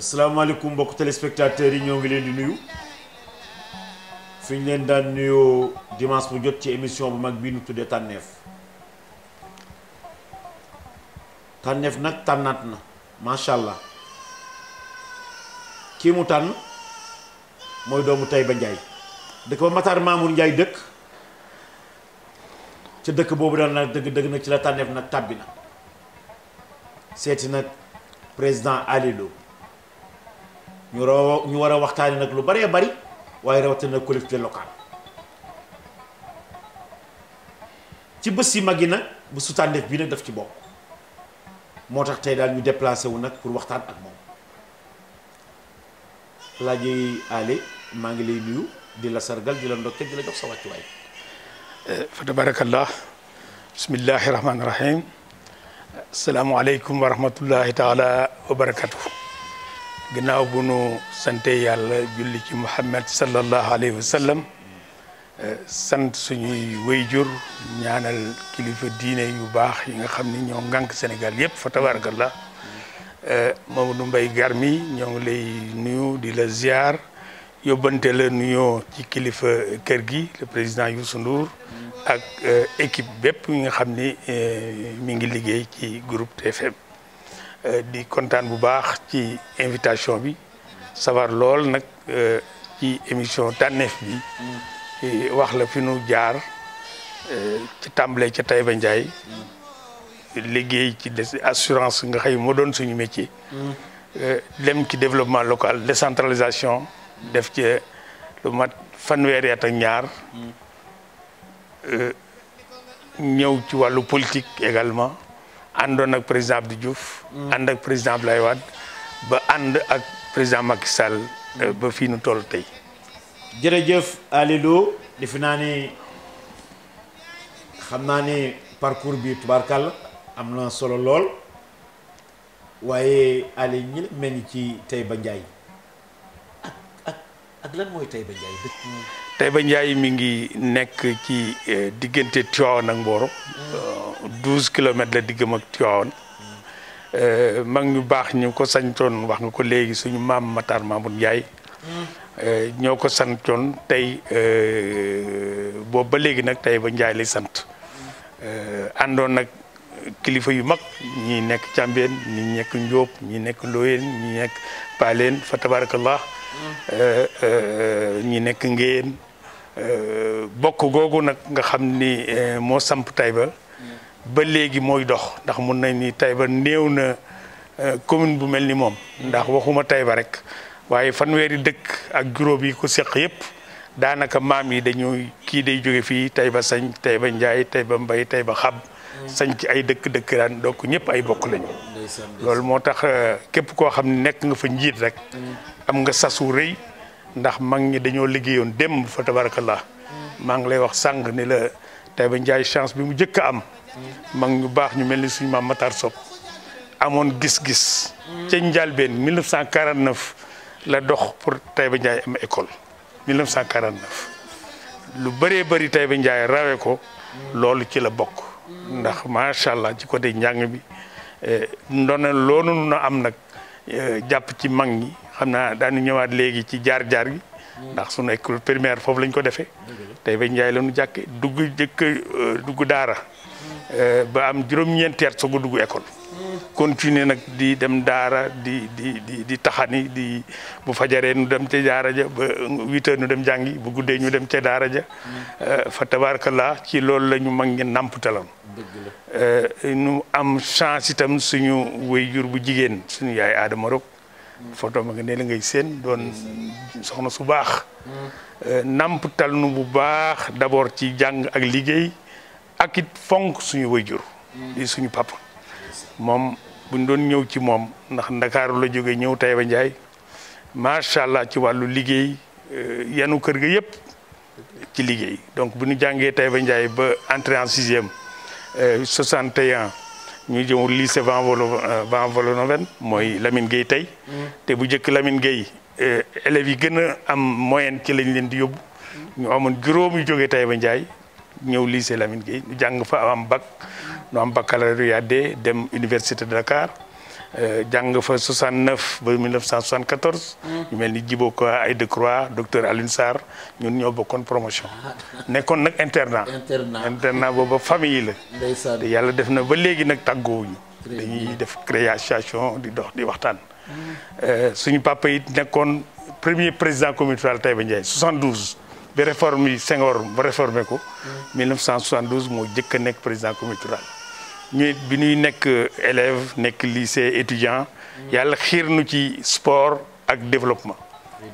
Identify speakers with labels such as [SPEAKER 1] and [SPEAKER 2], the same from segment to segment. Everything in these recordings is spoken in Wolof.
[SPEAKER 1] asalaamaaleykum mbokk téléspectateurs yi ñoo ngi leen di nuyu fi ñu leen daan nuyoo dimanche bu jot ci émission bu mag bii nu tuddee tànneef tànneef nag tànnaat na macha allah kii mu tànn mooy doomu Taïba Ndiaye dëkk ba Matar Mamour Ndiaye dëkk ca dëkk boobu daan nag dëgg dëgg nag ci la tànneef nag tàbbi na seeti nag président Aliou ñu raw ñu war a waxtaani nag lu baree bari waaye rawatina collectivité locale ci bés yi mag yi nag bu bii nag daf ci bokk moo tax tey daal ñu déplacé wu nag pour waxtaan ak moom laaji ale maa ngi lay nuyu di la sargal di la ndokkeel di la jox sa wàccuwaay
[SPEAKER 2] eh, fa tabarakallah bismillahi rahmaani rahim asalaamualeykum wa rahmatullahi taala wa barakatuh ginnaaw bu nu sante yàlla julli ci muhammad sallallahu alayhi wa sallam eh, sant suñuy wayjur ñaanal kilifa diine yu baax yi nga xam ni ñoo ngànk Sénégal yëpp fa tabarakallah eh, Mamadou Mbaye Garmi ñoo ngi lay nuyu di la ziar yóbbante la nuyoo ci kilifa kër gi le président Youssou Ndour ak eh, équipe bépp yi nga xam ni mi ngi liggéey ci groupe TFM Euh, di kontaan bu baax ci invitation bi sawar lool nag euh, ci émission tànneef bi wax la fi nu jaar euh, ci tàmbale ca Taïba Ndiaye liggéey ci des assurance nga xëy moo doon suñu métier lem ci développement local décentralisation def ci lu mat fanweeri at ak ñaar ñëw ci wàllu politique également àndoon ak président Abdou Diouf. Mm. ànd ak président Abdoulaye Wade ba ànd ak président Macky Sall. Euh, ba fii nu toll tey.
[SPEAKER 1] jërëjëf Aliou defe naa ni xam naa ni parcours bi tubaarkàlla am na solo lool waaye Aliou ñi la mel ni ci Taïba ba njaay ak ak lan mooy Taïba Ndiaye dëkk
[SPEAKER 2] Taïba Ndiaye mi ngi nekk ci eh, diggante Tivaouane ak Mboro. 12 euh, kilomètres la diggam ak Tivaouane. Euh, mag ñu baax ñu ko santoon wax nga ko léegi suñu maam Matar Mamoud Ndiaye. Euh, ñoo ko santoon tey boobu ba léegi nag Taïba Ndiaye lay sant. àndoon nag kilifa yu mag ñi nekk Cambérène ñi nekk Ndiob ñi nekk Loyenne ñi nekk Paleen fa tabarakallah mm. ñi nekk Ngéyeen Euh, bokk googu nag nga xam ni euh, moo samp Taïba ba mm. ba léegi mooy dox ndax mun nañ ni Taïba néew na euh, commune bu mel ni moom mm. ndax waxuma Taïba rek waaye fanweeri dëkk ak juróom yi ko seq yëpp daanaka maam yi dañuy kii day jóge fii Taïba sañ Taïba Njaay Taïba Mbay ba Xab mm. sañ ci ay dëkk dëkk daan donc ñëpp ay bokk lañu loolu moo tax képp koo xam ne nekk nga fa njiit rek am nga sasu rëy ndax mag ñi dañoo liggéeyoon démb fa tabarakallah maa ngi lay wax sànq ni la Taïba Ndiaye chance bi mu njëkk a am mag ñu baax ñu mel ni suñu maam Matar Sob amoon gis-gis ca njàlbeen 1949 la dox pour Taïba Ndiaye am école 1949 lu bëree bëri Taïba Ndiaye rawee ko loolu ci la bokk ndax macha allah ci côté njàng bi eh, ndono loolu nu am nag eh, jàpp ci mag ñi xam naa daanu ñëwaat léegi ci jaar jaar gi ndax sunu école primaire foofu lañ ko defe tey ba Njaay la ñu jàkkee dugg jëkk euh, dugg daara euh, ba am juróom-ñeenti at soog a dugg école continuer nag di dem daara di di di di taxani di bu fajaree nu dem ca daara ja ba huit nu dem jàngi bu guddee ñu dem ca daara ja euh, fa tabaarkalla ci loolu la ñu mag ngi nàmptaloon nu am chance itam suñu wéyjur bu jigéen suñu yaay Adama Rock photo ma nga ne la ngay seen doon soxna su baax euh, tal nu bu baax d'abord ci jàng ak liggéey ak it fonk suñu wayjur di suñu pap moom buñ doon ñëw ci moom ndax ndakaaru la jóge ñëw Taïba Ndiaye macha allah ci wàllu liggéey euh, yanu kër ga yëpp ci liggéey donc bu ñu jàngee Taïba Ndiaye ba entrée en sixième 61 euh, ñu jëmul lycée Van Vollenhoven euh, mooy Lamine Gueye tey mm. te bu njëkk Lamine Gueye euh, élèves yi gën a am moyenne ci lañ leen di yóbbu mm. ñu amoon juróom yu jógee Taïba Ndiaye ñëw lycée lamin Gueye ñu jàng fa am bac mm. ñu am baccalauréat dem université de Dakar Euh, jàng fa 69 ba 1974. ñu mel ni Djibo Ka Aïda Croix docteur Alioune Sarr ñun ñoo bokkoon promotion. Ah. nekkoon nag internat. internat internat booba famille la. ndeysaan te yàlla def na ba léegi nag tàggoowuñu. dañuy def création di dox di waxtaan. Mm. Euh, suñu papa yi nekkoon premier président commune rurale Taïba Ndiaye 72. bi réforme yi Senghor ba réformé ko. 1972 mm. moo jëkk a nekk président commune rurale. ñu bi ñuy nekk élève nekk lycée étudiant yàlla xiir nu ci sport ak développement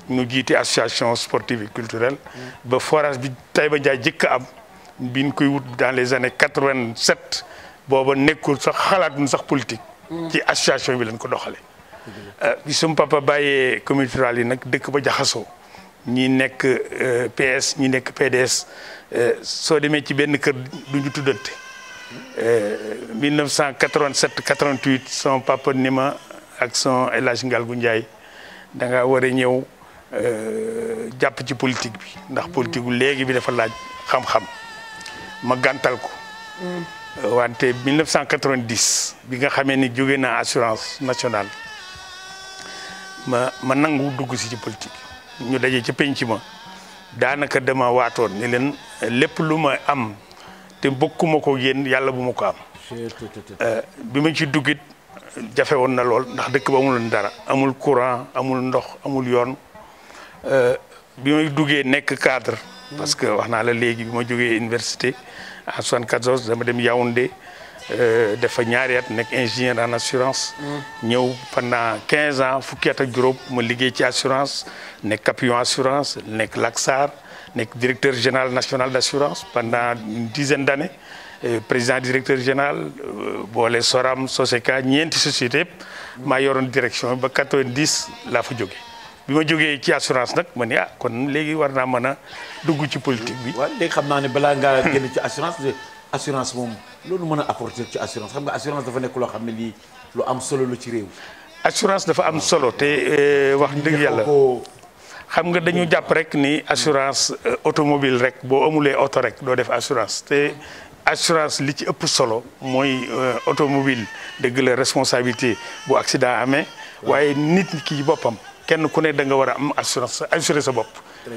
[SPEAKER 2] ñu jiite association sportive et culturelle ba forage bi Taïba Ndiaye jëkk am bi ñu koy wut dans les années quatre-vingt-sept booba nekkul sax xalaatuñ sax politique mm. ci association bi lañ ko doxale euh, bi sum papa bàyyee communauté rurale yi nag dëkk ba jaxasoo ñi nekk euh, PS ñi nekk PDS euh, soo demee ci benn kër du ñu tuddante 1987 euh, 88 son papa ni ma ak son El Hadj Ngalgu Ndiaye da nga war a ñëw euh, jàpp ci politique bi ndax mm. politique gu léegi bi dafa laaj xam-xam ma gàntal ko. Mm. Euh, wante 1990 bi nga xamee ni jóge naa assurance nationale ma ma nangu dugg si ci politique ñu daje ci penc ma daanaka dama waatoon ni leen lépp lu ma am. te bokkuma ko yéen yàlla bu ma ko am euh, bi ma ci duggit jafe woon na lool ndax dëkk ba amul dara amul courant amul ndox amul yoon euh, bi may duggee nekk cadre parce que wax naa la léegi bi ma jógee université en 74 dama dem Yaoundé euh, dafa ñaari at nekk ingénieur en assurance ñëw pendant 15 ans fukki at ak juróom ma liggéey ci assurance nekk Capion assurance nekk Laxar nekk directeur général national d'assurance pendant une dizaine d'années président directeur général euh, boole Soram Soseca ñeenti société yëpp maa yoroon direction ba 90 laa fa jógee bi ma jógee ci assurance nag ma ne ah kon léegi war naa mën a dugg ci politique
[SPEAKER 1] bi. waaw léegi xam naa ne balaa ngaa génn ci assurance assurance moom loolu mën a apporter ci assurance xam nga assurance dafa nekk loo xam ne lii lu am solo lu ci réew. assurance dafa am solo te
[SPEAKER 2] euh, wax dëgg yàlla. xam nga dañu jàpp rek ni assurance euh, automobile rek boo amulee auto rek doo def assurance te assurance li ci ëpp solo mooy euh, automobile dëgg la responsabilité bu accident amee waaye nit ki boppam kenn ku ne da nga war a am assurance assuré sa bopp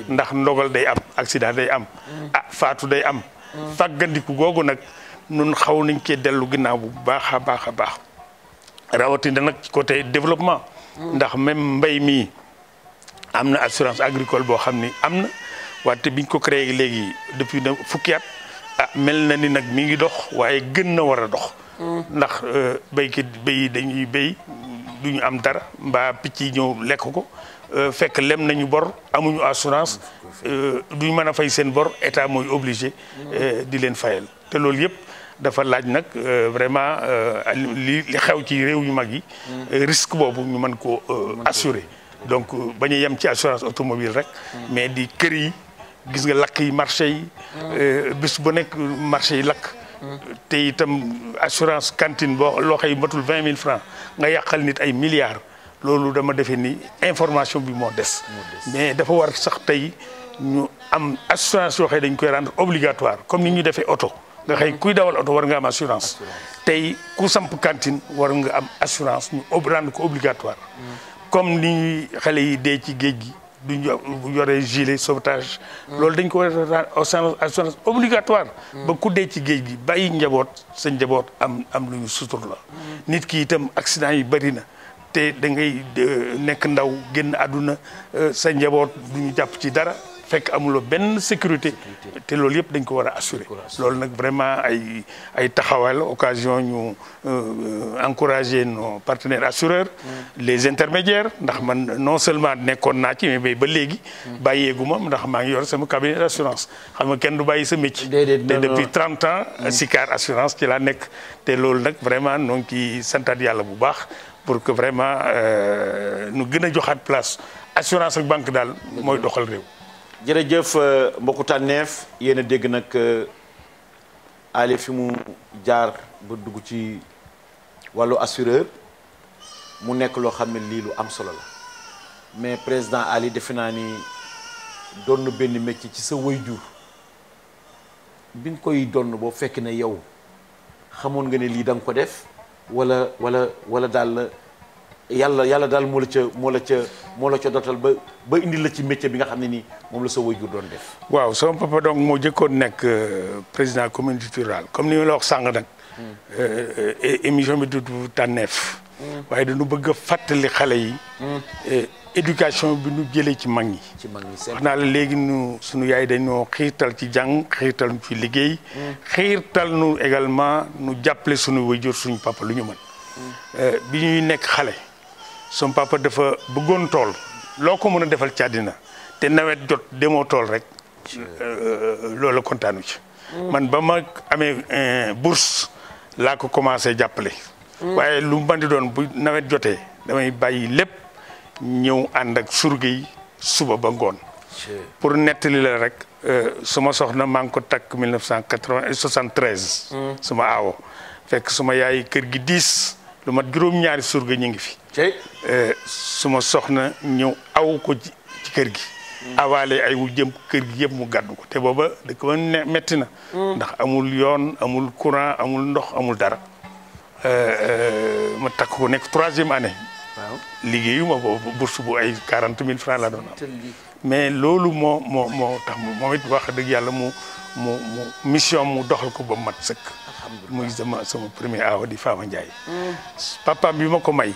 [SPEAKER 2] ndax ndogal day am accident day am mm. ah faatu day am mm. fàggandiku googu nag nun xaw nañ cee dellu ginnaaw bu baax a baax a baax rawatina nag ci côté développement mm. ndax même mbay mii am na assurance agricole boo xam ni am na wante biñ ko créer léegi depuis na fukki at ah, mel na ni nag mi ngi dox waaye gën na war a dox. Mm. ndax euh, béykat bay dañuy bay du ñu am dara mbaa picc yi ñëw lekk ko euh, fekk lem nañu bor amuñu assurance euh, duñ mën a fay seen bor état mooy obligé mm. di leen fayal te loolu yëpp. dafa laaj nag vraiment li li xew ci réew yu mag yi mm. risque boobu ñu mën ko assurer donc euh, bañ a yem ci assurance automobile rek mais di kër yi gis nga lakk yi marché yi euh, bis bu nekk marché yi lakk te itam assurance cantine boo loo xëy matul vingt mille francs nga yàqal nit ay milliards loolu dama defee ni information bi moo des mais dafa war sax tey ñu am assurance yoo xëy dañ koy rendre obligatoire comme ni ñu defee oto nga xëy kuy dawal oto war nga am assurance tey ku samp cantine war nga am assurance ñu rendre ko obligatoire mm. comme ni xale yi dee ci géej gi duñ yore gilet sauvetage. loolu dañ ko war a assurance obligatoire. ba ku dee ci géej gi bàyyi njaboot sa njaboot am am lu ñu sutur la. nit ki itam accident yi bari na. te da ngay nekk ndaw génn àdduna euh, sa njaboot du ñu jàpp ci dara. fekk amuloo benn sécurité te loolu yëpp dañ ko war a assurer loolu nag vraiment ay ay taxawal occasion ñu euh, encourager nos partenaires assureurs mm. les intermédiaires ndax man non seulement nekkoon naa ci mais ba léegi mm. bàyyeegu ma ndax maa ngi yor sama cabinet d'assurance xam nga kenn du bàyyi sa métier te depuis trent ans mm. Siccar assurance ci laa nekk te loolu nag vraiment noo ngi ciy santaat yàlla bu baax pour que vraiment euh, nu gën a
[SPEAKER 1] joxaat place assurance ak banque daal mooy doxal réew jërëjëf euh, mbokku tànneef yéen a dégg nag euh, ale fi mu jaar ba dugg ci wàllu assureur mu nekk loo xam ne lii lu am solo la mais président ali defe naa ni donn benn métier ci sa waajur bi nga koy donn boo fekk ne yow xamoon nga ne lii da nga ko def walla walla wala daal yàlla yàlla daal moo la ca moo la ca moo la ca dotal ba ba indi la ci métier bi nga xam ne nii moom la sa waajur doon def.
[SPEAKER 2] waaw sama papa donc moo jëkkoon nekk euh, président communauté rurale comme ni ma la wax sànq hmm.
[SPEAKER 3] euh, euh,
[SPEAKER 2] émission bi du tànneef. Hmm. waaye dañu bëgg a fàttali xale yi. Hmm. éducation bi nu jëlee ci mag ñi. ci mag ñi wax naa léegi nu sunu yaay dañoo xiirtal ci jàng xiirtal nu ci liggéey. xiirtal nu également nu jàppale sunu waajur suñu papa lu ñu mën. bi ñuy nekk xale. sum papa dafa bëggoon tool loo ko mën a defal ci àddina te nawet jot demoo tool rek hmm. euh, euh, loolu kontaanu ci hmm. man ba mag amee euh, bourse laa ko commencé jàppale hmm. waaye lu man doon bu nawet jotee damay bàyyi lépp ñëw ànd ak surga yi suba ba ngoon pour nettali la rek su ma soxna maa ngi ko takk 1973 suma aawo fekk suma yaay kër gi diis lu mat juróom-ñaari surga ñu ngi fi. Eh, suma soxna ñëw aw ko ci kër gi. Hmm. awaale ay wu jëm kër gi yëpp mu gàddu ko te booba dëkk ba ne metti na. Hmm. ndax amul yoon amul courant amul ndox amul dara. Eh, eh, ma takk ko nekk troisième année. waaw liggéeyu ma bu bourse bu ay quarante mille francs laa doon a mais loolu moo moo moo tax moom it wax dëgg yàlla mu mu mission mu doxal ko ba mu mat sëkk. muy sama sama premier aaw di Fama Ndiaye. papaam bi ma ko may.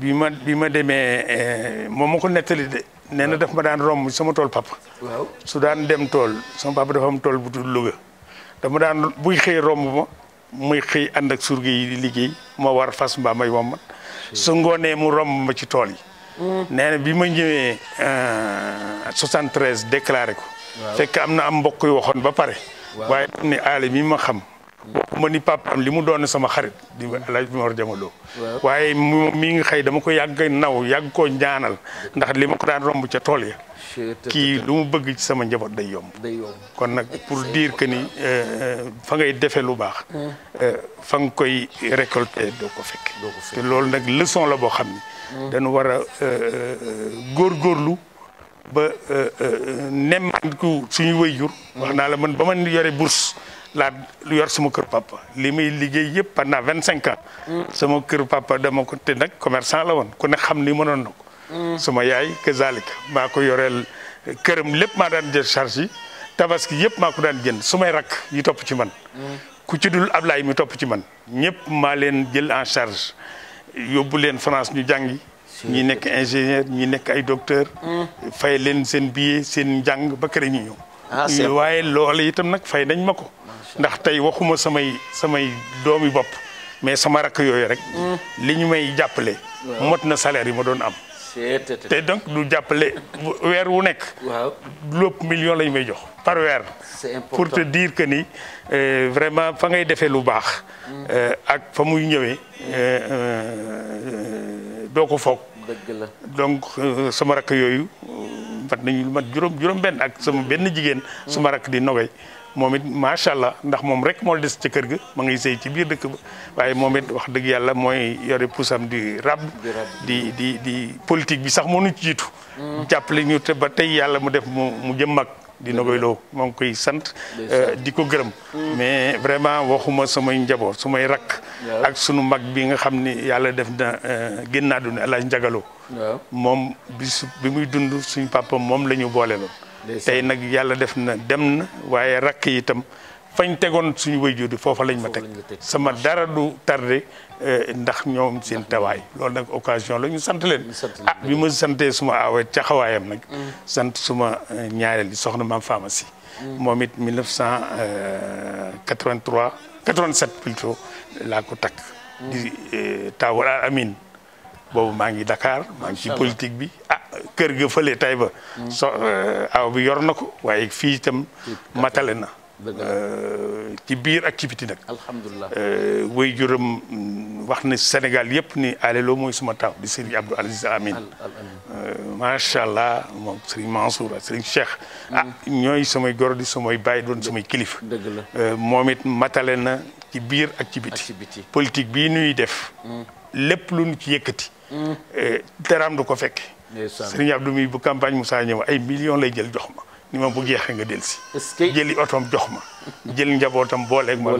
[SPEAKER 2] bi ma bi ma demee eh, moom ma ko nettali de. nee na daf ma daan romb sama tool papa. su daan dem tool sama papa dafa tool bu tudd Louga. dama daan buy xëy romb ma muy xëy ànd ak surga yi liggéey ma war fas mbaa may ma su ngoonee mu romb ma ci tool yi. Mm. nee bi ma ñëwee 73 eh, déclaré ko. fekk am na am mbokk yu waxoon ba pare. waaye ne aale mi ma xam. ma ni papaam li mu doon sama xarit di laaj bi ma war jamaloo waaye mii nga xëy dama ko yàgg naw yàgg koo njaanal ndax li ma ko daan romb ca tool ya kii lu mu bëgg ci sama njaboot day yomb kon nag pour diir que ni euh, fa ngay defe lu baax euh, fa nga koy récolter doo ko fekk te loolu nag leçon la boo xam ne danu war a euh, góorlu ba nemmanku suñu wayjur wax naa la man ba ma yore bourse laa yor sama kër papa li muy liggéey yëpp naa vingt cinq ans. sama kër papa dama ko te nag commerçant la woon ku ne xam ni mënoon na ko. sama yaay kazalika maa ko yoreel këram lépp maa daan jël charge yi tabaski yëpp maa ko daan jënd sumay may rakk yi topp ci man. ku ci dul Ablaye mi topp ci man ñëpp maa leen jël en charge yóbbu leen France ñu jàngi. ñi nekk ingénieur ñi nekk ay docteur. Mm. fay leen seen billet seen njàng ba kër ñu ñëw. Ah, waaye loolu itam nag fay dañ ma ko ndax tey waxuma samay samay doomi bopp mais sama rakk yooyu rek hmm. li ñu may jàppale mot na salaire yi ma doon am te donc du jàppale weer wu nekk lépp million lañ may jox par weer pour te dire que ni euh, vraiment fa ngay defee lu baax hmm. euh, ak fa muy ñëwee hmm. euh, doo ko foog donc sama rakk yooyu mat nañu lu mat juróom juróom benn ak sama benn jigéen suma rakk di nogay moom it macha allah ndax moom rek moo des ca kër ga ma ngi sëy ci biir dëkk ba waaye moom it wax dëgg yàlla mooy yore puusam di rab di di di politique bi sax moom nu ciitu mm. jàppale ñu te ba tey yàlla mu def mu mu jëm mag dina koy Lo maa ngi koy sant. Euh, di ko gërëm. Mm. mais vraiment waxuma samay njaboot sumay rakk. ak sunu mag bi nga xam ni yàlla def na euh, génn àdduna El njagaloo Ndiagalo. moom bi su bi muy dund suñu papa moom la ñu boole loon. tey nag yàlla def na dem na waaye rakk yitam fañ tegoon suñu wayjur yi foofa lañ ma teg sama dara du tardé eh, ndax ñoom seen tawaay loolu nag occasion la ñu sant leen ah bi ma santee suma awee caxawaayam nag sant suma eh, ñaareel di soxna maam pharmacie moom it 1983 87 eh, plutôt laa ko takk di taawal al amin boobu maa ngi Dakar maa ngi ci politique bi ah kër ga fële tay ba so aaw bi yor na ko waaye fii itam matale na Euh, ci biir activité nag. alhamdulilah euh, way juram mm, wax na Sénégal yëpp ni alelo mooy suma taw di Serigne Abdou Aziz Amin. Euh, macha allah moom Serigne Mansour ak Cheikh. ah mm. ñooy samay goro di samay bàyyi doon samay kilifa. dëgg la moom it matale na ci biir activité. politique bii nuy def. Mm. lépp lu nu ci yëkkati. daraam du ko fekkee. Serigne Abdou mi bu campagne Moussa ñëw ay millions lay jël jox ma. ni ma bu jeexee nga delsi jëli otoom jox ma jël njabootam booleeg ma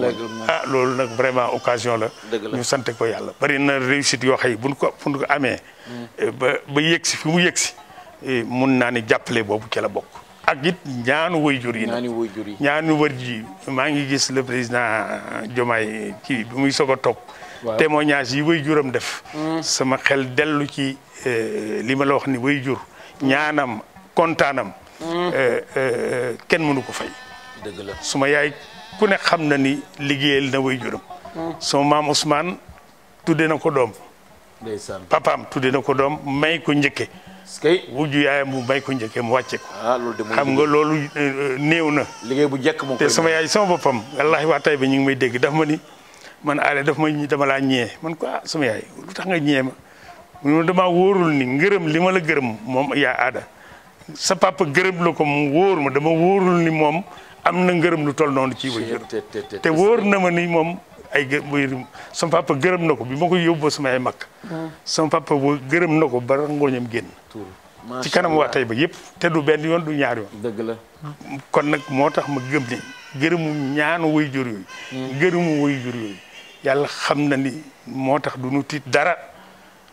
[SPEAKER 2] ah loolu nag vraiment occasion la ñu sant ko yàlla bari na réussite yoo xëy buñ ko buñ ko amee hmm. ba ba yëg si fi mu yëg si e mun naa ne jàppale boobu ci la bokk ak it ñaanu way jur yi ñaanu wër ji maa ngi gis le président Diomaye ci muy soog a toog témoignage yi way juram def hmm. sama xel dellu ci e, li ma la wax ni way jur ñaanam kontaanam Eh, eh, kenn mënu ko fay. dëgg la suma yaay ku ne xam na ni liggéeyal na way juram. suma maam Ousmane tudde na ko doom. ndeysaan papaam tuddee na ko doom may ko njëkke skay wujju yaayam bu may ko njëkkee mu wàcce ko. Ah, xam nga loolu eh, new na. liggéey bu njëkk moo sama yaay sama boppam. wallaahi waa tey bi ñu ngi may dégg daf ma ni man aale daf ma dama laa ñee man ko ah sama yaay lu tax nga ñee ma man dama wóorul ni ngërëm li ma la gërëm moom yaa aada. sa papa gërëm la ko mu wóor ma dama wóorul ni moom am na ngërëm lu toll noonu ci way jur te wóor na ma ni moom ay gë sama papa gërëm na ko bi ma ko yóbboo sama ay mag ah. sama papa gërëm na ko ba ngooñam génn
[SPEAKER 3] ci kanam waa tey
[SPEAKER 2] ba yëpp te du benn yoon du ñaar yoon dëgg la kon nag moo tax ma gëm ni gërëmu ñaanu way jur yooyu hmm. gërëmu way yooyu yàlla xam na ni moo tax du ñu tiit dara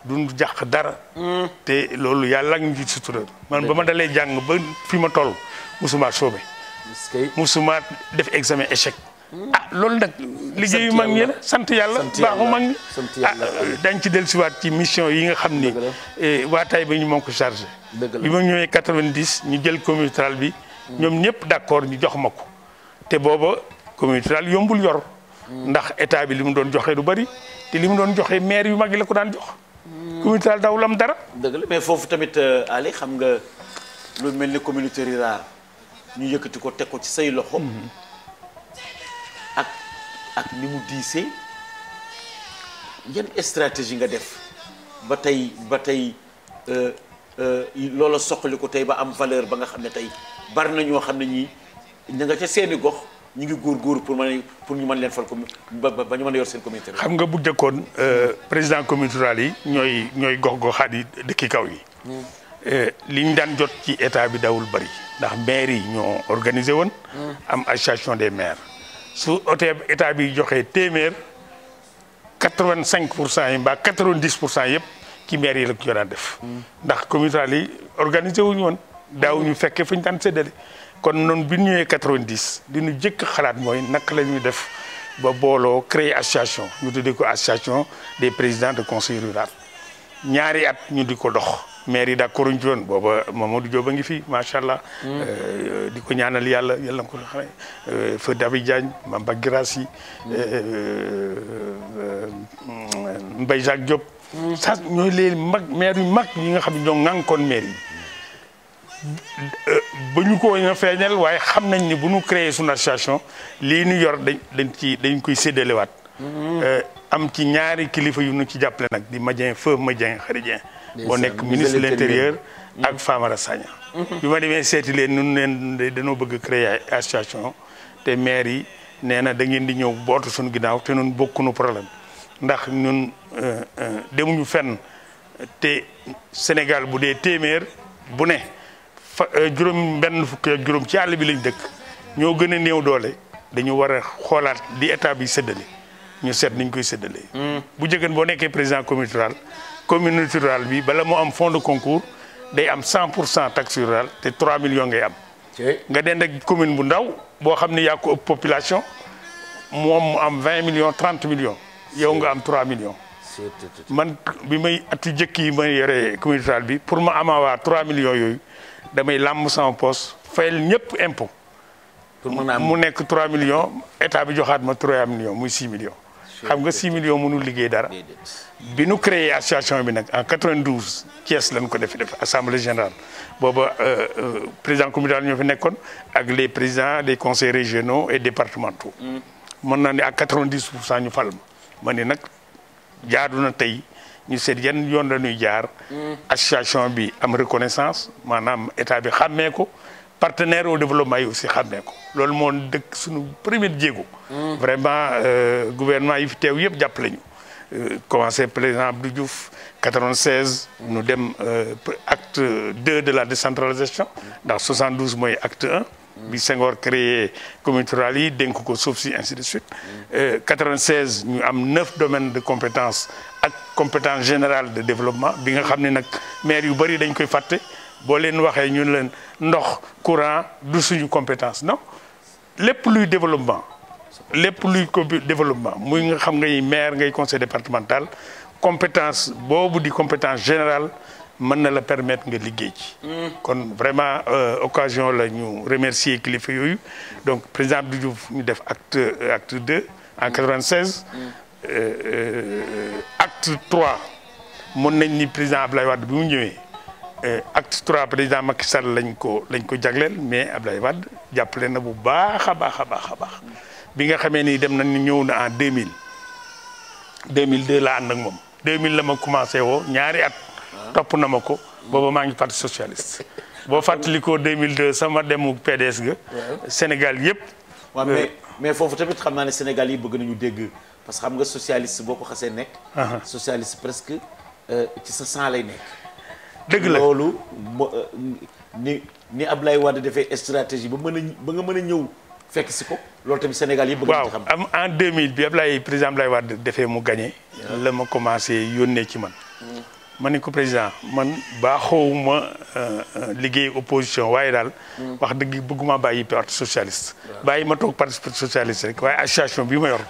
[SPEAKER 2] du jàq dara. Hmm. te loolu yàlla ngi ci sutura. man ba ma dalee jàng ba fi ma toll musuma soobee. musuma def examen échec. Hmm. ah loolu nag yu mag ñi sant yàlla baaxu mag ñi ah dañ ci dellusiwaat ci mission yi nga xam ni eh, waataay ba ñu moom ko chargé bi ma ñëwee 90 ñu jël communauté rurale bi hmm. ñoom ñëpp d'accord ñu jox ma ko te booba communauté rurale yombul yor ndax état bi li mu doon joxee du bari te li mu doon
[SPEAKER 1] joxee maire yu mag yi la ko daan jox
[SPEAKER 2] commune daw daawul am dara.
[SPEAKER 1] dëgg la mais foofu tamit euh, Ali xam nga lu mel ni communauté rurale ñu yëkkati ko teg ko ci say loxo. ak ak ni mu diisee yan stratégie nga def ba tey ba tey euh, euh, loola soqali ko tey ba am valeur ba nga xam ne tey bari na ñoo xam ne ñi ñu nga ca seeni gox. ñu ngi góorgóorlu pour mën pour ñu mën leen fal commune ba ba ñu mën a yor xam nga bu
[SPEAKER 2] njëkkoon euh, président communauté rurale yi ñooy ñooy gox goxaat yi dëkki kaw yi.
[SPEAKER 1] Hmm.
[SPEAKER 3] Euh,
[SPEAKER 2] li ñu daan jot ci état bi dawul bari ndax maire yi ñoo organisé woon. Hmm. am association des maires. su otee état bi joxee téeméer quatre cinq pour cent yi mbaa quatre pour cent yëpp ci maire yi la ko daan def. Hmm. ndax communauté rurale yi organisé wuñu woon. daawuñu fekkee fu ñu daan séddale. kon noonu bi ñu ñëwee 90 li ñu jëkk xalaat mooy naka la ñuy def ba booloo créer association ñu tuddee ko association des présidents de conseil rural ñaari at ñu di ko dox maire yi d'accord ñu ci woon booba Mamadou Diop a ngi fi macha allah. Hmm. Euh, di ko ñaanal yàlla yàlla na ko xale. Euh, feu Dabi Diagne Mamba Girassi hmm. euh, Mbaye Jacques Diop. sax hmm. ñooy léegi mag maire mag nga xam ne ñoo ŋànkoon maire yi. ba ñu ko wañ a feeñal waaye xam nañ ni bu ñu créé suñu association lii nu yor dañ dañ ci dañ koy séddalewaat euh, am ci ñaari kilifa yu ñu ci jàppale nag di Madien Feu Madien Khadijien boo nekk ministre de l'intérieur mm-hmm. ak faamara Sagna mm-hmm. bi ma demee seeti leen nun leen dañoo bëgg créer association te maire yi nee na da ngeen di ñëw bootu suñu ginnaaw te ñun bokkunu problème ndax ñun euh, euh, demuñu fen te Sénégal bu dee téeméer bu ne fa euh, juróom benn fukki ak juróom ci àll bi lañ dëkk ñoo gën a néew doole dañu war a xoolaat di état bi séddale ñu seet niñ koy séddalee. Hmm. bu njëkk boo nekkee président communauté rurale communauté rurale bi bala mu am fonds de concours day am 100 pour cent taxe rurale te 3 millions ngay am. nga dend ak commune bu ndaw boo xam ne yaa ko ëpp population moom mu am 20 millions 30 millions. yow nga am 3 millions. man bi may atu jëkk yi may yore communauté rurale bi pour ma amawaa 3 millions yooyu. damay làmb sama poos fayal ñëpp impôt. pour mën mu nekk 3 millions état bi joxaat ma trois millions muy 6 millions. xam nga six millions mënul liggéey dara. bi nu créé association bi nag en 92 Thiès lañ ko def def assemblée générale booba euh, euh, président communal ñoo fi nekkoon ak les président des conseils régionaux et départementaux. Mm. mën naa ni ak 90 pour cent ñu fal ma. ma ne nag jaadu na tey. ñu seet yan yoon la ñuy jaar. Mm. association bi am reconnaissance maanaam état bi xàmmee ko partenaire au développement yi aussi xàmmee ko loolu moo dëkk suñu premier jéego. Mm. vraiment euh, gouvernement yi fi teew yëpp jàpp ñu. Euh, commencé président Abdou Diouf 96 nu dem euh, acte 2 de la décentralisation ndax 72 mooy acte 1 mm. bi Senghor créé communauté rurale yi dénk ko suuf si ainsi de suite 96 ñu am neuf domaines de compétence compétence générale de développement bi nga xam ne nag maire yu bëri dañ koy fàtte boo leen waxee ñun leen ndox courant du suñu compétence non lépp luy développement lépp luy développement muy nga xam ngay maire ngay conseil départemental compétence boobu di compétence général mën na la permettre nga liggéey ci. Hmm. kon vraiment euh, occasion la ñu remercier kilifa yooyu donc président Abdou fu ñu def acte acte deux en 96. Euh, euh, euh, acte trois mën nañ ni président Ablaye Wade bi mu ñëwee acte trois président Macky Sall lañ ko lañ ko jagleel mais Ablaye Wade jàppale na bu baax a baax a baax a baax bi nga xamee ni dem na ni ñëw na en deux mille deux mille deux la ànd ak moom deux mille la ma commencé woo ñaari at. topp na ma ko. booba maa ngi parti socialiste. boo fàttalikoo deux mille deux sama demu PDS ga Sénégal yëpp.
[SPEAKER 1] mais foofu tamit xam naa ne Sénégal yi bëgg nañu dégg parce que xam nga socialiste boo ko xasee nekk. socialiste presque euh, ci sa sang lay nekk. dëgg la loolu euh, ni ni Ablaye Wade defee stratégie ba mën a ba nga mën a ñëw fekk si ko loolu tamit Sénégal yi bëgg nañu
[SPEAKER 2] xam. waaw am en 2000 bi Ablaye président Ablaye Wade defee mu gagné. la ma commencé yónnee ci man. Mm. ma ni ko président man baaxoowuma euh, euh, liggéey opposition waaye daal. Mm. wax dëgg bëgguma bàyyi parti socialiste. bàyyi ma toog parti socialiste rek waaye association bi ma yor.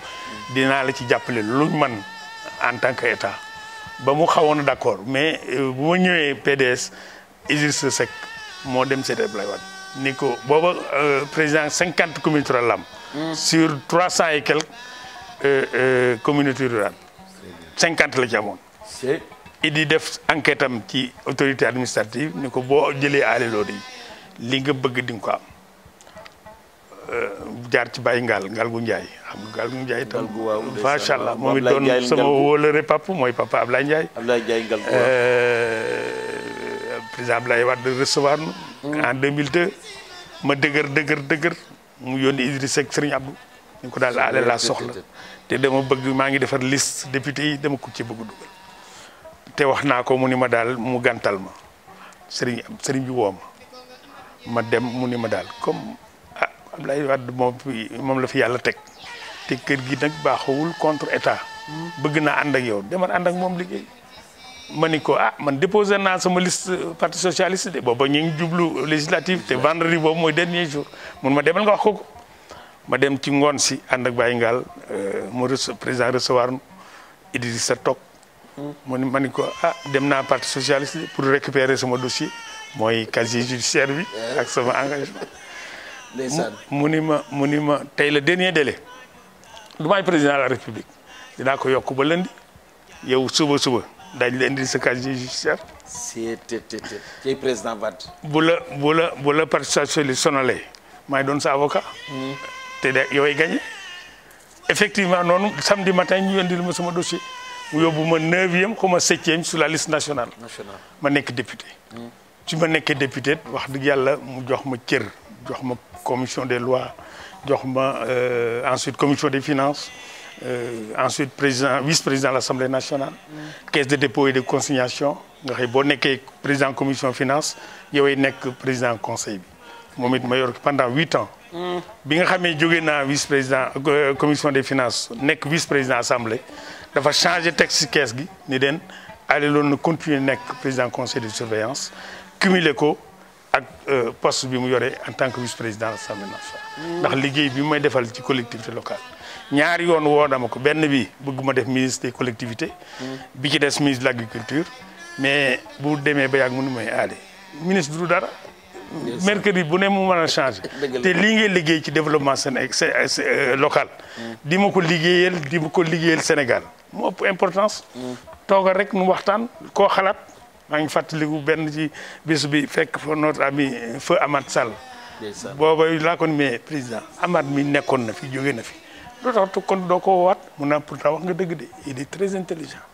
[SPEAKER 2] dinaa la ci jàppale luñ man en tant que état. ba mu xawoon euh, d' accord mais bu ñëwee PDS Idrissa Seck moo dem seet Abdoulaye Wade ni ko booba président cinquante communes rurales la am. Mm. sur trois cent et quelques communautés rurales. cinquante la ci i di def enquête am ci autorité administrative ni ko boo jëlee aale loolu yi li nga bëgg di nga ko am euh, jaar ci Baye Ngal Ngal gu Ndiaye xam nga Ngal gu Ndiaye tam macha allah moom it doon sama wóolare papa mooy papa Ablaye Ndiaye.
[SPEAKER 1] Ablaye Ndiaye Ngal
[SPEAKER 2] euh, président Ablaye Wade recevoir nu. Mm. en ma dëgër dëgër dëgër mu yónni Idrissa Seck Serigne Abdou. ñu ko daal aale laa soxla te dama bëgg maa ngi defar liste député yi dama ko ci bëgg te wax naa ko mu ni ma daal mu gàntal ma sëriñ sëriñ bi woo ma ma dem mu ni ma daal comme ah Ablaye Wade moom moom la fi yàlla teg te kër gi nag baaxawul contre état bëgg naa ànd ak yow demal ànd ak moom liggéey ma ni ko ah man déposé naa sama list euh, parti socialiste de booba ñu ngi jublu législative te vendredi boobu mooy dernier jour mun ma demal nga wax ko ma dem ci ngoon si ànd ak Baye Ngal euh, mu président recevoir Idrissa Seck toog mu ne ma ni ko ah dem naa parti socialiste pour récupérer sama dossier mooy casier judiciaire bi ak sama engagement mu ni ma mu ni ma tey la dernier délai du maay président de la république dinaa ko yokk ba lënd yow suba suba daañu la indil sa casier judiciaire si te te te ci président bu la bu la bu la parti socialiste sonalee doon sa avocat hmm. te da yooyu gagné effectivement noonu samedi matin ñu indil ma sama dossier mu yóbbu ma neuvième xuma septième sur la liste nationale. ma nekk député. Hmm. ci ma nekkee député wax dëgg yàlla mu jox ma cër jox ma commission des lois jox ma euh, ensuite commission des finances euh, ensuite président vice président de l' assemblée nationale. Hmm. caisse de dépôt et de consignation nga xëy boo nekkee président commission finance yoway nekk président conseil bi moom it ma yor pendant huit ans. Hmm. bi nga xamee jóge naa vice président euh, commission des finances nekk vice président assemblée. dafa changé texte kees gi ni den ale loolu na continuer nekk président conseil de surveillance cumulé ko ak euh, post bi mu yore en tant que vice président assemblée nationale mm. ndax liggéey bi may defal ci collectivité locale ñaari yoon woo dama ko benn bi bëgguma def ministre des collectivités mm. bi ci des ministre de l'agriculture mais bu demee ba yàgg mënu may aale ministre du dara mercredi bu ne mu man a changé te lii ngay liggéey ci développement seen euh, local mm. di ma ko liggéeyal di ma ko liggéeyal Sénégal mu ëpp importance. toogal rek nu waxtaan koo xalaat maa ngi fàttaliku benn ci bis bi fekk fa notre ami feu Amath Sall. booba laa ko mais président amaat mi nekkoon na fi jógee na fi. lu tax kon doo ko woowaat mu naan pourtant wax nga dëgg de il est très intelligent.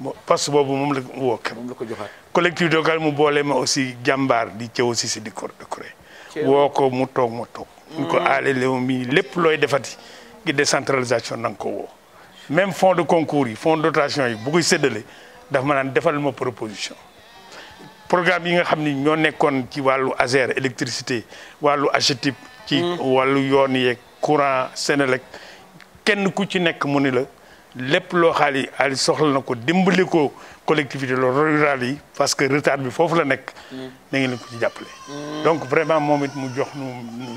[SPEAKER 2] bon poste boobu moom la woo la ko joxaat collectif local mu boole ma aussi jàmbaar di cëw si si di ko woo ko mu toog ma toog. ñu ko mm. aale mi lépp looy defati. gi décentralisation na nga ko woo. même fonds de concours yi fonds de dotation yi bu koy séddale daf ma naan defal ma proposition programme yi nga xam ni ñoo nekkoon ci wàllu ASER électricité wàllu AGETIP ci mm. wàllu yoon yeeg courant Sénélec kenn ku ci nekk mu ni la lépp loo xaali ali soxla na ko dimbali ko collectivité rurale yi parce que retard bi foofu la nekk mm. na ngeen ko ci jàppale mm. donc vraiment moom it mu jox nu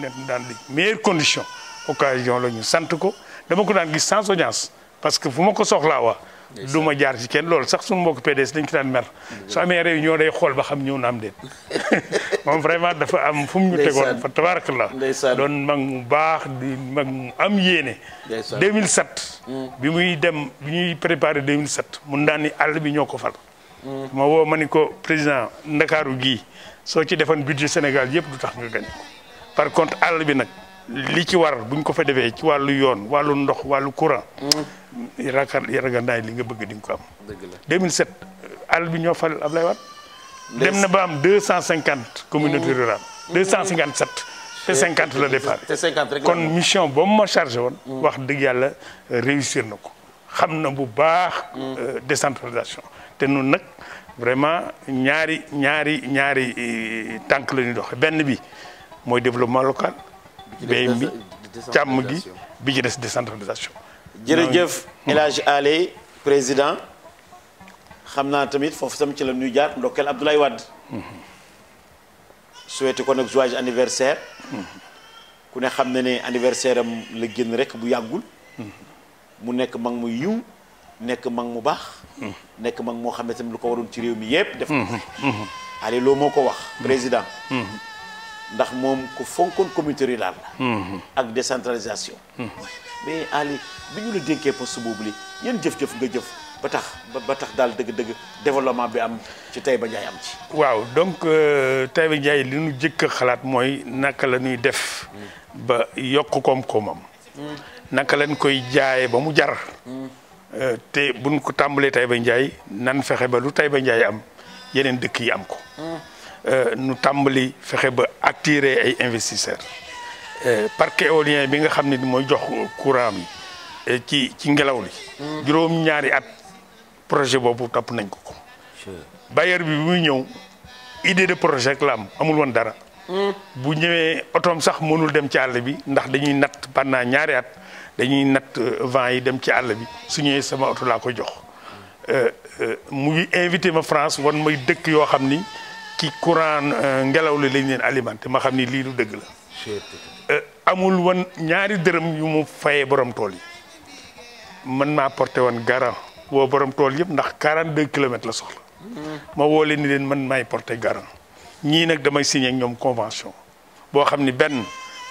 [SPEAKER 2] nekk daan di meilleures conditions occasion la ñu sant ko dama ko daan gis sans audience parce que fu ma ko soxlaa wa du ma jaar ci kenn loolu sax suñu mbokk PDS dañ ko daan mer su amee réunion day xool ba xam ñëw na am déet moom vraiment dafa am fu mu ñu tegoon fa tabarakallah doon man mu baax mag mu am yéene
[SPEAKER 1] 2007 hmm.
[SPEAKER 2] bi muy dem bi ñuy préparé 2007 mun daan ni àll bi ñoo ko fal hmm. ma woo ma ni ko président ndakaaru gi soo ci defoon budget Sénégal yëpp du tax nga gañ par contre àll bi nag li ci war ñu ko fa defee ci wàllu yoon wàllu ndox wàllu courant. Mm. yaakaar yaragandaay li nga bëgg di ko am. dëgg la 2007 àll bi ñoo fal Ablaye Wade. dem na ba am 250 communautés mm. rurales. 257. Mm. te 50 la départ te 50 rek kon mission boobu ma chargé woon. wax dëgg yàlla euh, réussir na ko. xam na bu baax. Euh, décentralisation te nun nag vraiment ñaari ñaari ñaari euh, tànk la ñuy dox benn bi mooy développement local. mbéy mi càmm gi bi ci des décentralisation.
[SPEAKER 1] jërëjëf El Hadj Alé président xam naa tamit foofu sam ci la ñuy jaar ndokkeel Abdoulaye Wade. souhaité ko nag joyeux anniversaire. ku ne xam na ne anniversaire am la génn rek bu yàggul. mu nekk mag mu yiw nekk mag mu baax. nekk mag moo xam ne tamit lu ko waroon ci réew mi yépp def ko. Alé moo ko wax président. ndax moom ku fonkoon communauté rurale la mm-hmm. ak décentralisation mm-hmm. mais Ali bi ñu la dénkee poste boobu li yéen jëf-jëf nga jëf ba tax ba tax daal dëgg-dëgg développement bi am ci Taïba Ndiaye am ci
[SPEAKER 2] waaw donc euh, Taïba Ndiaye li ñu jëkk xalaat mooy naka la ñuy def mm. ba yokk koom-koomam mm. naka lañ koy jaayee ba mu jar mm. euh, te buñ ko tàmbalee Taïba Ndiaye nan fexe ba lu Taïba Ndiaye am yeneen dëkk yi am ko Euh, nu tàmbali fexe ba attirer ay investisseurs euh, parc éolien bi nga xam ne mooy jox courant bi euh, ci ci ngelaw li. Hmm. juróom-ñaari at projet boobu tapp nañ ko ko. bailleur bi bu muy ñëw idée de projet la am amul woon dara. Hmm. bu ñëwee otoom sax mënul dem ci àll bi ndax dañuy nat pendant ñaari at dañuy natt vent yi dem ci àll bi su ñëwee sama oto laa ko jox. mu ngi invité ma France wan mooy dëkk yoo xam ni. ci courant euh, ngelaw li lañ leen alimenté ma xam ni lii du dëgg la euh, amul wan ñaari dërëm yu mu fayee borom tool yi man maa porté woon garant woo borom tool yëpp ndax 42 kilomètres la soxla ma woo leen ni leen man maay porté garant ñii nag damay signé ñoom convention boo xam ni benn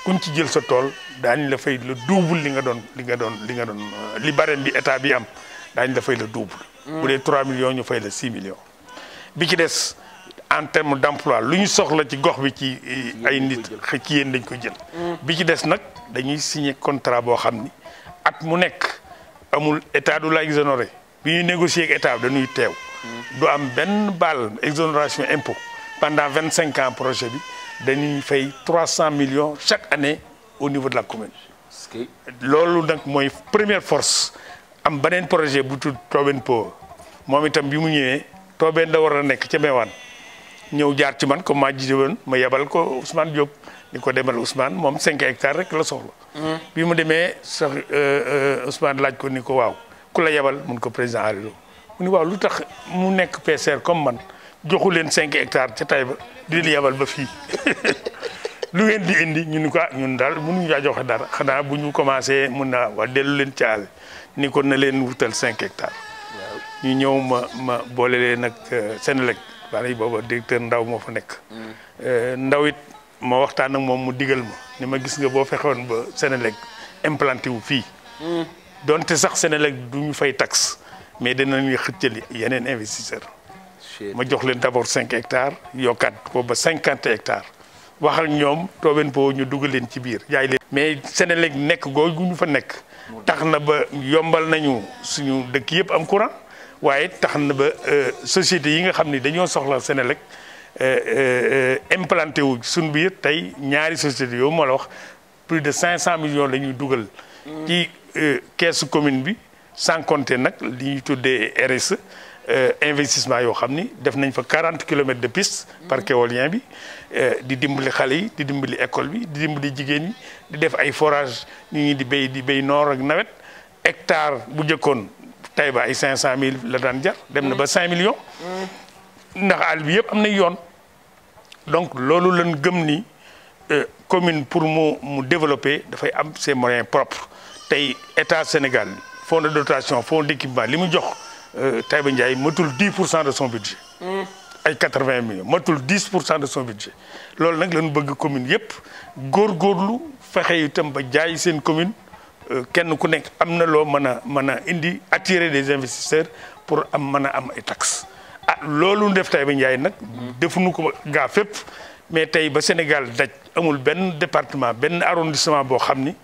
[SPEAKER 2] kuñ ci jël sa tool daañ la fay le double li nga doon li nga doon li nga doon euh, li barème bi état bi am daañ la fay le double mm. bu dee 3 millions ñu fay la 6 millions bi ci des en terme d' emploi lu ñu soxla ci gox bi ci ay eh, nit ci yéen dañ ko jël mm. bi ci des nag dañuy signe contrat boo xam ni at mu nekk amul état du la exonéré bi ñuy négocier ak état dañuy teew mm. du am benn baal exonération impôt pendant vingt cinq ans projet bi dañuy fay trois cent million chaque année au niveau de la commune loolu nag mooy première force am beneen projet bu tudd Tobène Po moom itam bi mu ñëwee Tobène da war a nekk ca Mewane ñëw jaar ci man comme maa jiite woon ma yebal ko Ousmane Diop ni ko demal Ousmane moom 5 hectare rek la soxla. Hmm. bi mu demee sax euh, euh, Ousmane laaj ko ni ko waaw ku la yebal mun ko président Aliou mu ni waaw lu tax mu nekk PCR comme man joxu leen 5 hectares ca Taïba di leen yebal ba fii lu di indi ñu ni ko ah, ñun daal mënuñu kaa joxe dara xanaa bu ñu commencé mun naa waa dellu leen ci àll ni ko na leen wutal cinq hectare ñu ñëw ma ma boole leen ak euh, Senelec daara yi booba directeur ndaw moo fa nekk. Hmm. Euh, ndaw it ma waxtaan ak moom mu digal ma ni ma gis nga boo fexewoon ba Sénélec implanté wu fii. Hmm. donte sax Sénélec du ñu fay tax mais dinañu xëccali yeneen investisseur ma jox leen d' abord cinq hectares yokkat ko ba cinquante hectares waxal ñoom tooben po ñu dugg leen ci biir jaay leen. mais Sénélec nekk googu ñu fa nekk. tax na ba yombal nañu suñu dëkk yëpp am courant. waaye tax na ba euh, société yi nga xam ni dañoo soxla Senelec euh, euh, implanté wu suñ biir tey ñaari société yow moo la wax plus de cinq cent millions lañuy ñuy dugal ci keesu commune bi sans compter nag li ñuy tuddee RSE investissement yoo xam ni def nañ fa quarante kilomètres de piste parc éolien bi di dimbali xale yi di dimbali école bi di dimbali jigéen ñi di def ay forage ñu ngi di béy di béy noor ak nawet hectare bu njëkkoon tay cinq cent mille la daan jar. dem na ba cinq millions. ndax àll bi yëpp am na yoon. donc loolu lan gëm ni euh, commune pour mu mu développer dafay am ses moyen propres tey état Sénégal fonds de dotation fonds d'équipement li mu jox euh, Taïba Ndiaye matul 10 pour cent de son budget. ay vingt millions matul 10 pour cent de son budget loolu nag lañu bëgg commune yëpp góorgóorlu fexe itam ba jaay seen commune. kenn ku nekk am na loo mën a mën a indi attirer des investiseurs pour am mën a am ay tax a ah, loolu def Taïba Ndiaye nag defuñu ko gaa fépp mais tey ba Sénégal daj amul benn département benn arrondissement boo xam ni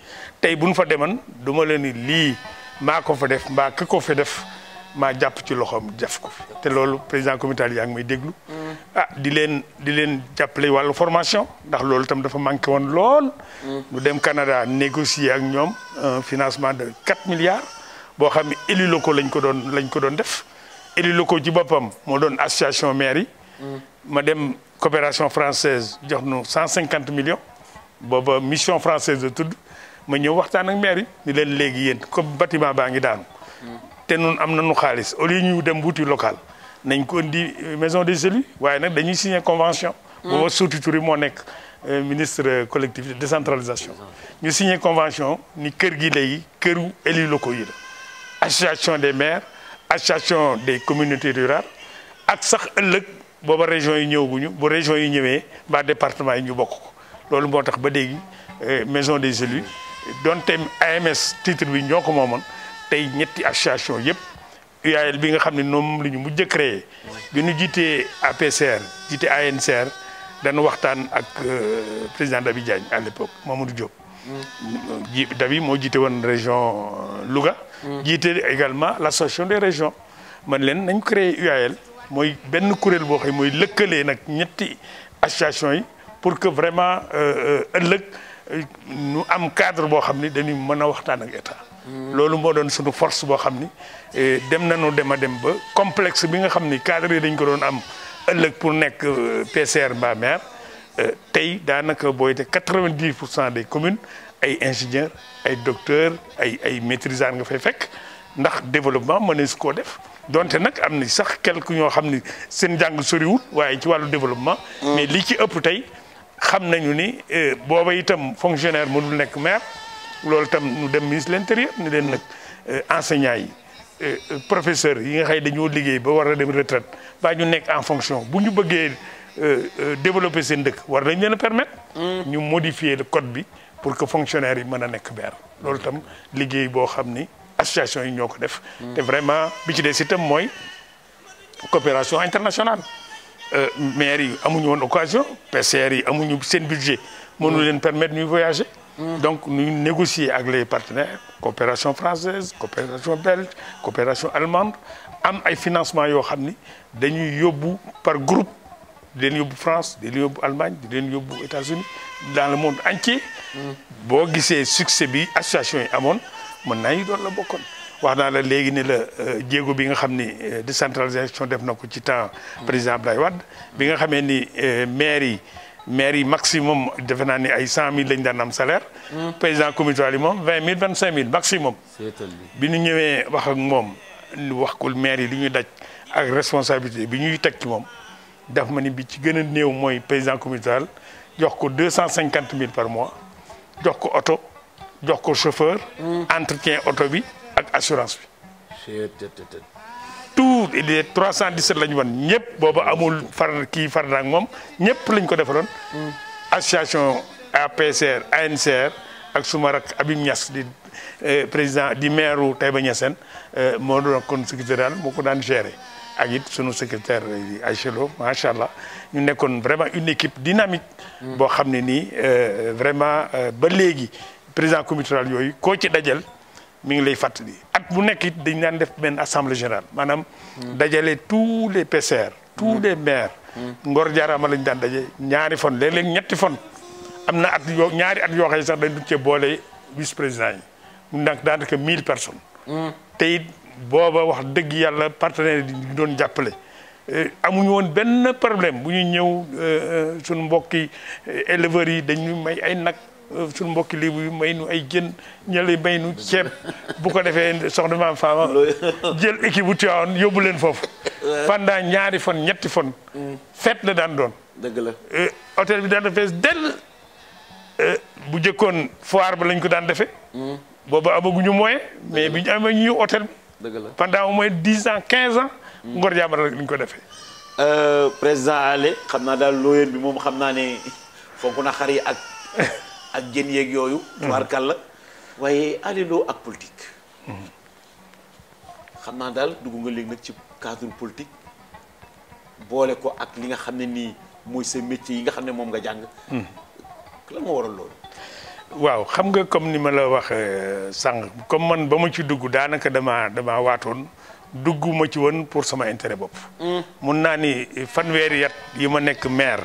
[SPEAKER 2] tey bu ñu fa deman duma ma leen lii maa ko fa def mbaa ki ko fa def maa jàpp ci loxoom jaf ko fi te loolu président communauté yaa ak may déglu. Mm. ah di leen di leen jàppale wàllu formation ndax loolu itam dafa manqué woon lool. Mm. ñu dem Canada négocier ak ñoom financement de quatre milliards boo xam ne élus locaux lañ ko doon lañ ko doon def élus ko ci boppam moo doon association maire yi. Mm. ma dem coopération francaise jox nu cinquante million booba mission française de tudd ma ñëw waxtaan ak maire yi ni leen léegi yéen comme bâtiment baa ngi daanu. te nun am nañu xaalis au lieu ñu dem wuti local nañ ko di euh, maison des élus waaye nag dañuy signer convention. Mm. booba Soti Touré moo nekk euh, ministre euh, collectivité décentralisation. ñu signer convention ni kër gi léegi këru élus locaux yi la. association des maires association des communautés rurales ak sax ëllëg booba région yi ñëwaguñu bu région yi ñëwee mbaa département yi ñu bokk ko loolu moo tax ba léegi maison des élus donte AMS titre bi ñoo ko moomoon. tey ñetti association yëpp UAL bi nga xam ne moom la ñu mujj créé bi ñu jiitee APCR jiite ANCR dañu waxtaan ak euh, président Dabi Diagne à l'époque Mamadou Diop ji Dabi moo jiite woon région euh, Louga mm. jiite également l'association des régions man leen nañ créer UAL mooy benn kuréel boo xam mooy lëkkalee nag ñetti association yi pour que vraiment euh, ëllëg ñu am cadre boo xam ne dañuy mën a waxtaan ak état loolu moo doon suñu force boo xam ni eh, dem nañu dem a dem ba complexe bi nga xam ni cadre yi dañ ko doon am ëllëg pour nekk euh, PCR mbaa maire euh, tey daanaka booy te quatre-vingt-dix cent des communes ay ingénieurs ay docteurs ay ay maîtrisants nga fay fekk ndax développement ne su koo def donte nag am na sax quelque ñoo xam ni seen jàng soriwul waaye ci wàllu développement. Mm. mais li ci ëpp tey xam nañu ni euh, booba itam fonctionnaire mënul nekk maire. loolu tam ñu dem ministre de l'intérieur ni leen nag euh, enseignants yi euh, professeurs yi nga xëy dañoo liggéey ba war a dem retraite ba ñu nekk en fonction bu ñu bëggee euh, développer seen dëkk war nañ leen a permettre. Mm. ñu modifier le code bi pour que fonctionnaires yi mën a nekk beer loolu tam liggéey boo xam ni association yi ñoo ko def. Mm. te vraiment bi ci dee si tam mooy coopération internationale. maire yi amuñu woon occasion PCR yi amuñu seen budget mënu mm. leen permettre ñuy voyager. Mm-hmm. donc ñu négocier ak les partenaires coopération française coopération belge coopération allemande am ay financement yoo xam ni dañuy yóbbu par groupe di yóbbu France di yóbbu Allemagne di leen yóbbu États-Unis dans le monde entier. Mm-hmm. boo gisee succès bi association yi amoon mën naa yi doon la bokkoon. wax naa la léegi ni la euh, jéego bi nga xam ni euh, décentralisation def na ko ci temps président ay Wade bi nga xamee ni euh, maire yi. maire yi maximum defe naa ni ay cent mille lañ daan am salaire. président comité yi moom vingt mille vingt cinq mille maximum. bi nu ñëwee wax ak moom wax ko maire yi li ñu daj ak responsabilité bi ñuy teg ci moom daf ma ni bi ci gën a néew mooy président comité jox ko deux cent cinquante mille par mois jox ko oto jox ko chauffeur. Hmm. entretien auto bi ak assurance bi. tout les 317 la ñu wan ñëpp boobu amul far kii far naag moom ñëpp lañ ko defaloon. association APCR ANCR ak suma rak Abim Niass di eh, président di maire wu Taïba Niassène eh, moo doon kon secrétaire daal moo ko daan gérer. ak it sunu secrétaire eh, Aïcha Lo macha allah ñu nekkoon vraiment une équipe dynamique. Mm. boo xam ne nii vraiment ba léegi président comité yooyu koo ci dajal mi ngi lay fàttali. at mu nekk it dañ daan def benn assemblée générale maanaam. dajale tous les PCR. tous les maires. Ngor Jaaraama lañ daan daje ñaari fon léeg-léeg ñetti fon am na at ñaari at yoo xam ne sax dañ du cee boole vice président yi mu nag daanaka mille personnes. te booba wax dëgg yàlla partenaires yi doon jàppale. Eh, amuñu woon benn problème bu ñu ñëw eh, eh, suñu mbokki éleveurs yi dañu may ay nag. Euh, suñu mbokki lébu yi may nu ay jën ñële may nu ceeb bu ko defee soxna maam faama jël équipe bu Tivaouane yóbbu leen foofu pendant ñaari fan ñetti fon mm. fête la daan doon dëgg la euh, hôtel bi daan na fees euh, bu jëkkoon foire ba lañ ko daan defee mm. booba amaguñu mooy mais bi ñu amee ñu ñëw hôtel bi dëgg la pendant au moins dix ans quinze
[SPEAKER 1] ans mm. ngor jaamara la ñu ko defee président Ale xam naa daal looyeen bi moom xam naa ne fonk na xar yi ak ak jën yeeg yooyu. la waaye aliloo ak politique. xam naa daal dugg nga léegi nag ci cadre politique boole ko ak li nga xam ne nii mooy sa métier yi nga xam ne moom nga jàng. lan moo waral loolu.
[SPEAKER 2] waaw xam nga comme ni ma la wax euh, sànq comme man ba ma ci dugg daanaka damaa dama waatoon dugguma ci woon pour sama intérêt bopp. Hmm. mun naa ni fanweeri yat yi ma nekk maire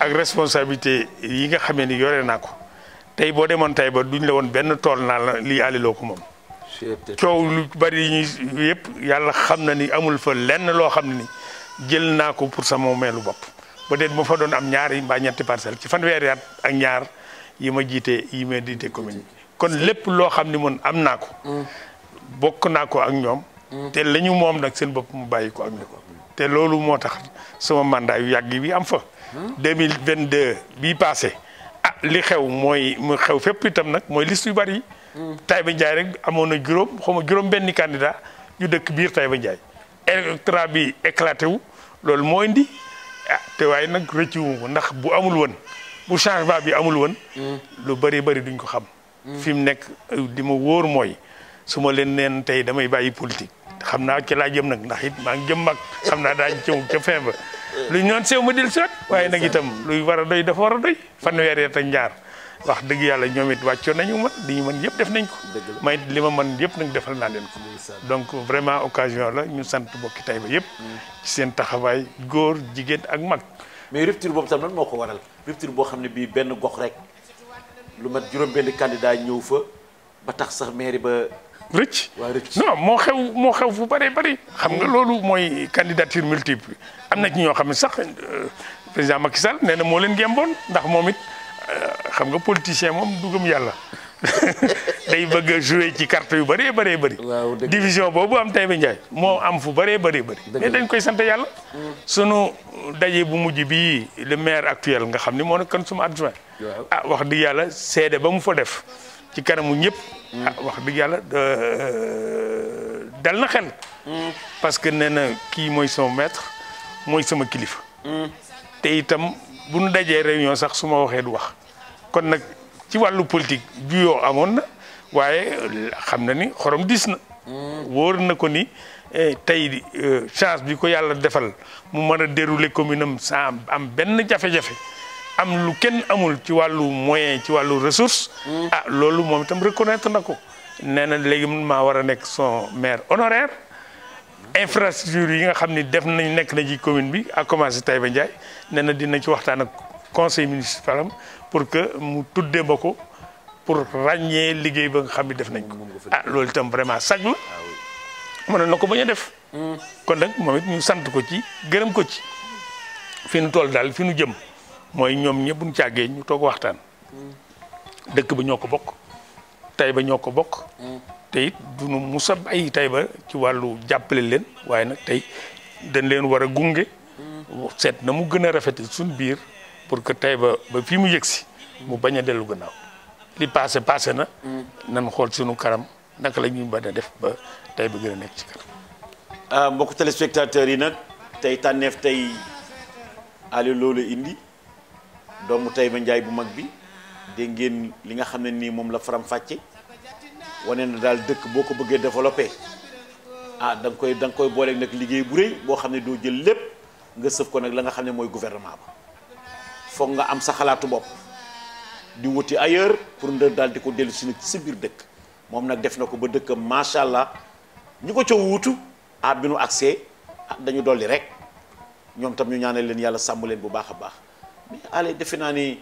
[SPEAKER 2] ak responsabilité yi nga xamee ni yore naa ko. tey boo demoon tay ba duñ la woon benn tool naa la lii aliloo ko moom. coow lu bari yi yëpp yàlla xam na ni amul fa lenn loo xam ni jël naa ko pour sama meelu bopp ba déet moo fa doon am ñaari mbaa parcelle ci fanweeri at ak ñaar yi ma jiite yi ma jiite commune bi kon lépp loo xam ni mën am naa ko. bokk naa ko ak ñoom. te la ñu moom nag seen bopp mu bàyyi ko ak ñoom. te loolu moo tax sama mandat yàgg bi am fa. 2022 hmm? bii passé. ah li xew mooy mu xew fépp itam nag mooy liste yu bari hmm. Taïba Ndiaye rek amoon na juróom xaw ma juróom benni candidat yu dëkk biir Taïba Ndiaye électorat bi éclaté wu loolu moo indi ah te waaye nag rëccu wu ndax bu amul woon bu changement bi amul woon hmm. lu bari bari duñ ko xam hmm. fi mu nekk euh, li ma wóor mooy su ma leen neen tey damay bàyyi politique xam naa ci laa jëm nag ndax it maa ngi jëm mag xam naa daañ ci ca fin luy ñoon sew ma del siwat waaye nag itam luy war a doy dafa war a doy fanweer yeet njaar wax dëgg yàlla ñoom it wàccoon nañu man li ñu mën yëpp def nañ ko may li ma man yëpp nag defal naa leen ko donc vraiment occasion la ñu sant
[SPEAKER 1] bokki tay ba yëpp mm. ci seen taxawaay góor jigéen ak mag mais rupture boobu tam lan moo ko waral rupture boo xam ne bii benn gox rek lu mat juróom benn candidat ñëw fa ba tax sax mairie ba rëcc. non moo xew moo xew fu bëree bëri. xam nga hmm.
[SPEAKER 2] loolu mooy candidature multiple am na ci ñoo xam ne sax euh, président Macky Sall nee na moo leen gémboon ndax moom it euh, xam nga politicien moom dugum yàlla. day bëgg a joué ci carte yu bëree bëree bëri. division boobu am Taïba Ndiaye moo am fu bëree bëree bëri. mais dañ koy sant yàlla. Hmm. sunu daje bu mujj bii le maire actuel nga xam ni moo nekkoon suma adjoint. ah wax dëgg yàlla seede ba mu fa def. ci kanamu ñëpp. Mm. Ah, wax dëgg yàlla euh, dal na xel. Mm. parce que nee na kii mooy sama maître mooy sama kilifa. Mm. te itam bu nu dajee réunion sax su ma waxee du wax kon nag ci wàllu politique juyoo amoon na waaye xam na ni xorom dis na. wóor na ko ni eh, tey euh, chance bi ko yàlla defal mu mën a dérouler commune am sans am benn jafe-jafe. am lu kenn amul ci wàllu moyen ci wàllu ressource. Mm. ah loolu moom itam reconnaître na ko nee na léegi maa war a nekk son maire honoraire infrastructure yi nga xam ni def nañ nekk na ci commune bi à commencer Taïba Ndiaye nee na dina ci waxtaan ak conseil municipal am pour que mu tuddee ba ko pour ràññee liggéey ba xam ni def nañ ko. ah loolu itam vraiment saj la
[SPEAKER 3] ah
[SPEAKER 2] mënoon na ko bañ a def. Mm. kon nag moom it ñu sant ko ci gërëm ko ci fi nu toll daal fi nu jëm. mooy ñoom ñëpp buñ càggee ñu toog waxtaan dëkk ba ñoo ko bokk tay ba ñoo ko bokk tey it mu musa ay tay ba ci wàllu jàppale leen waaye nag tey dañ leen war a gunge seet na mu gën a rafet suñ biir pour que tay ba ba fii mu yëg si mu bañ a dellu gannaaw li passé passé na nan xool suñu karam naka la ñuy mën a def ba tay ba gën a nekk ci kanam
[SPEAKER 1] ah, mbokk téléspectateurs yi nag tey tànneef tey ale loolu indi doomu ba njaay bu mag bi dégg ngeen li nga xam ne nii moom la faram fàcce wane na daal dëkk boo ko bëggee développé ah da koy da koy booleeg nag liggéey bu rëy boo xam ne doo jël lépp nga sëf ko nag la nga xam ne mooy gouvernement ba foog nga am sa xalaatu bopp di wuti ailleurs pour nga daal di ko dellu si nag ci biir dëkk moom nag def na ko ba dëkkam macha allah ñu ko ca wutu ah bi nu accès ah dañu dolli rek ñoom tam ñu ñaanal leen yàlla sàmm leen bu baax a baax. mais allez defe naa ni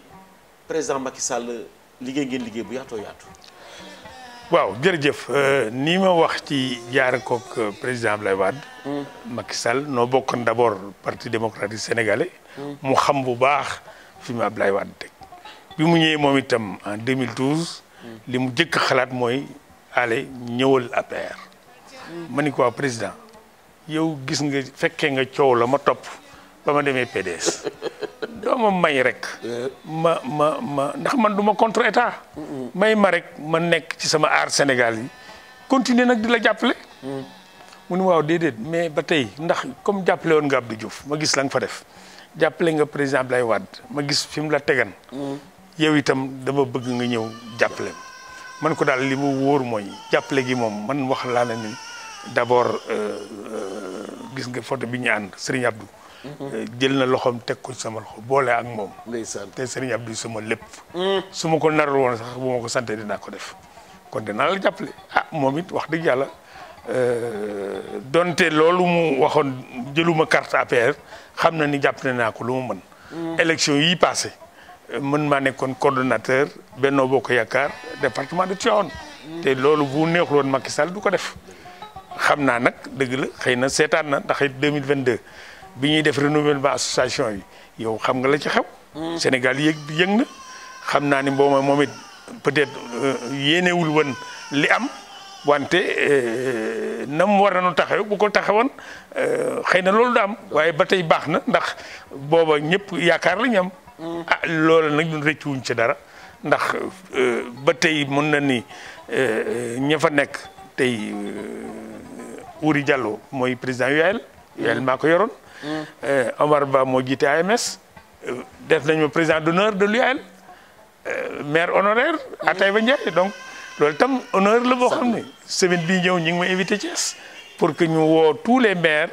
[SPEAKER 1] président Macky Sall liggéey ngeen liggéey bu yaatoo yaatu.
[SPEAKER 2] waaw jërëjëf euh, ni ma wax ci jaar koog euh, président Abdoulaye Wade. Hmm. Macky Sall noo bokkoon d' abord parti démocratique sénégalais. Hmm. mu xam bu baax fi ab Abdoulaye Wade teg. bi mu ñëwee moom itam en 2012. Hmm. li mu jëkk xalaat mooy ale ñëwal a ma ni ko président yow gis nga fekkee nga coow la ma topp. ba ma demee PDS doo ma may rek ma ma ma ndax man du ma contre état may ma rek ma nekk ci sama aar Sénégal yi continuer nag di la jàppale mu ne waaw déedéet mais ba tey ndax comme jàppale woon nga Abdou Diouf ma gis la fa def jàppale nga président Abdoulaye Wade ma gis fi mu la tegan yow itam dama bëgg nga ñëw jàppale man ko daal li mu wóor mooy jàppale gi moom man wax laa na ni d'abord euh, euh, gis nga photo bi ñu ànd Serigne Abdou jël na loxoom teg ko sama loxo boole ak moom. ndeysaan te Serigne Abdou sama lépp. su ma ko narul woon sax bu ma ko santee dinaa ko def kon dinaa la jàppale ah moom it wax dëgg yàlla euh, donte loolu mu waxoon jëluma carte APR xam na ni jàppale naa ko lu mu mën. élection yii passé mën maa nekkoon coordonnateur Benno Bokk Yaakaar département de Tivaouane. te loolu bu neexul woon Macky Sall du ko def. xam naa nag dëgg la xëy na seetaan na ndax it 2022. bi ñuy def renouvellement association yi yow xam nga la ci xew. Hmm. Sénégal yëg yëg na xam naa ni mbooma moom it peut-être euh, yéenewul woon li am wante euh, nam war nañu taxaw bu ko taxawoon euh, xëy na loolu daam waaye ba tey baax na ndax booba ñëpp yaakaar la ñu am. Hmm. ah loolu nag ñun rëccuwuñ ci dara ndax ba tey mën na ni ña fa nekk tey Uri jàlloo mooy président UAL. UAL hmm. maa ko yoroon. Eh, Omar Ba moo jiite AMS. Eh, def nañ nañu président d'honneur de l'UAL eh, maire honoraire à ba Ndiaye donc loolu tam honneur la boo xam ne semaine bii ñëw ñu ngi ma invité Thiès pour que ñu woo tous les maires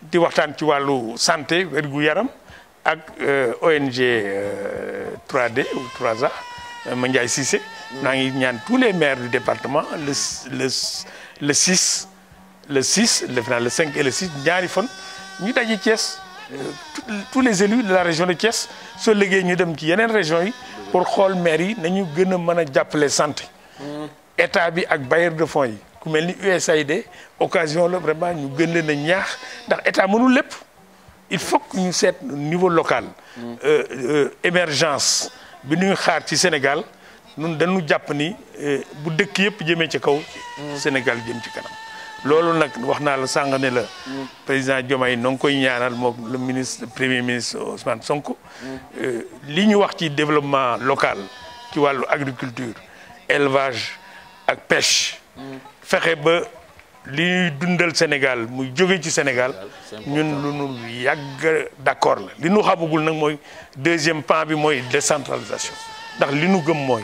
[SPEAKER 2] di waxtaan ci wàllu santé wérgu yaram ak ONG 3D ou 3A ma Ndiaye Cissé naa ngi ñaan tous les maires du département le le le 6 le 6 le 5 et le 6 ñaari fan ñu daje Thiès euh, tous les élus de la région de Thiès soo liggéey ñu dem ci yeneen région yi pour xool maire yi nañu gën a mën a jàppale santé mm. état bi ak bailleur de fonds yi ku mel ni USAID occasion la vraiment ñu gën leen ñaax ndax état mënul lépp il faut que ñu seet niveau local mm. euh, euh, émergence bi ñuy xaar ci Sénégal ñun dañu jàpp ni bu dëkk yëpp jëmee ci kaw mm. Sénégal jëm ci kanam loolu nag wax naa la sàng ne la. Mm. président Diomaye no ngi koy ñaanal moom le ministre premier ministre Ousmane Sonko. Mm. Euh, li ñu wax ci développement local ci wàllu agriculture élevage ak peche mm. fexe ba li ñuy dundal Sénégal muy jóge ci Sénégal ñun lu ñu yàgg d'accord la li nu xamagul nag mooy deuxième pan bi mooy décentralisation ndax li ñu gëm mooy.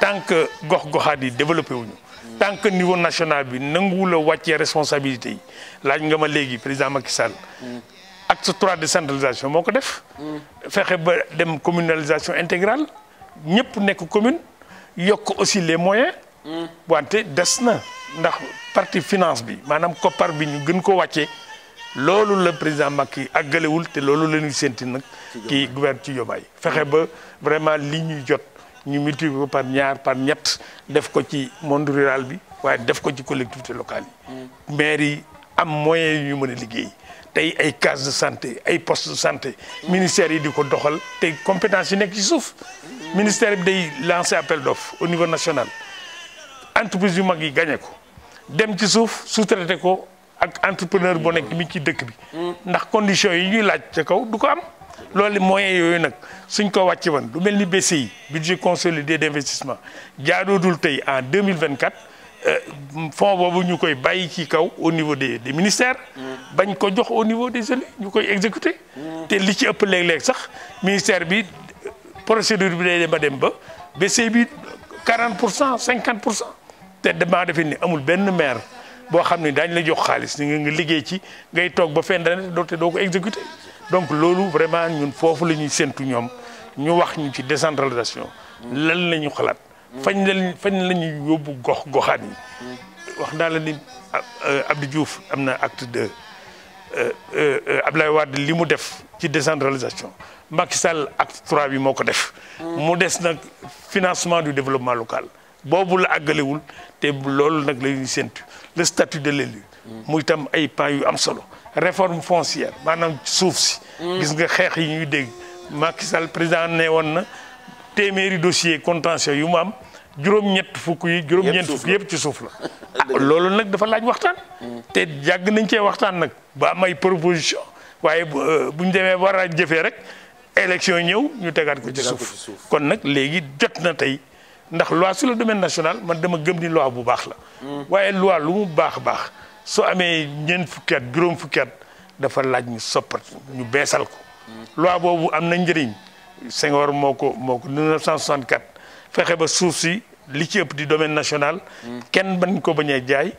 [SPEAKER 2] tant que gox-goxaat yi développé wuñu tant que niveau national bi nanguwul a wàccee responsabilité yi laaj nga ma léegi président Macky Sall. acte trois de centralisation moo ko def. fexe ba dem communalisation intégrale ñëpp nekk commune yokk aussi les moyens. wante des na ndax partie finance bi maanaam koppar bi ñu gën ko wàccee loolu la président Macky àggalewul te loolu la ñuy sénti nag. ci kii gouverne ci Diomaye fexe ba vraiment li ñuy jot. ñu multiplier ko par ñaar par ñett def ko ci monde rural bi waaye def ko ci collectivité locale yi. Mm. maire yi am moyens yu ñu mën a liggéey. tey ay case de santé ay post de santé. Mm. ministère yi di ko doxal te compétence yi nekk ci suuf. Mm. ministère bi day lancer appel d'offre au niveau national. entreprise yu mag yi gagné ko dem ci suuf su traité ko ak entrepreneur boo nekk mi ci dëkk bi. ndax conditions yi ñuy laaj ca kaw du ko am. loolu moyens yooyu nag suñ ko wàcc woon lu mel ni BCI budget consolidé d' investissement jaadoodul tey en 2024 euh, fonds boobu ñu koy bàyyi ci kaw au niveau des des ministères bañ ko jox au niveau des élus ñu koy exécuté te li ci ëpp léeg-léeg sax ministère bi procédure bi day dem ba dem ba BCI bi pour cent 50 pour cent te damaa defe ni amul benn maire boo xam ne daañu la jox xaalis ni nga liggéey ci ngay toog ba fin d'année doo ko exécuté donc loolu vraiment ñun foofu la ñuy séntu ñoom ñu wax ñu ci décentralisation lan la ñu xalaat fañ lañ fañ la ñuy yóbbu gox goxaan
[SPEAKER 3] yi
[SPEAKER 2] wax naa la ni euh, Abdou Diouf am na acte ab euh, euh, Abdoulaye Wade li mu def ci décentralisation Macky Sall acte trois bi moo ko def mu des nag financement du développement local boobu la àggalewul te loolu nag la ñuy séntu le statut de l'élu muy tam ay pas yu am solo réforme foncière maanaam suuf si. Mm. gis nga xeex yi ñu dégg. Macky Sall président ne woon na téeméeri dossier contentieux yu mu am juróom-ñett fukk yi. juróom-ñeent fukk yëpp ci suuf la. ah loolu nag dafa laaj waxtaan. Mm. te jàgg nañ cee waxtaan nag ba am proposition waaye euh, bu ñu demee war a jëfee rek élection ñëw ñu tegaat ko ci suuf. kon nag léegi jot na tey ndax loi sur le domaine national man dama gëm ni loi bu baax la. Mm. waaye loi lu mu baax baax. su amee ñeent fukki at juróom fukki at dafa laaj ñu soppat ñu beesal ko. loi boobu am na njëriñ Senghor moo ko moo ko 1964 fexe ba suuf si li ci ëpp di domaine national. kenn bañ ko bañ a jaay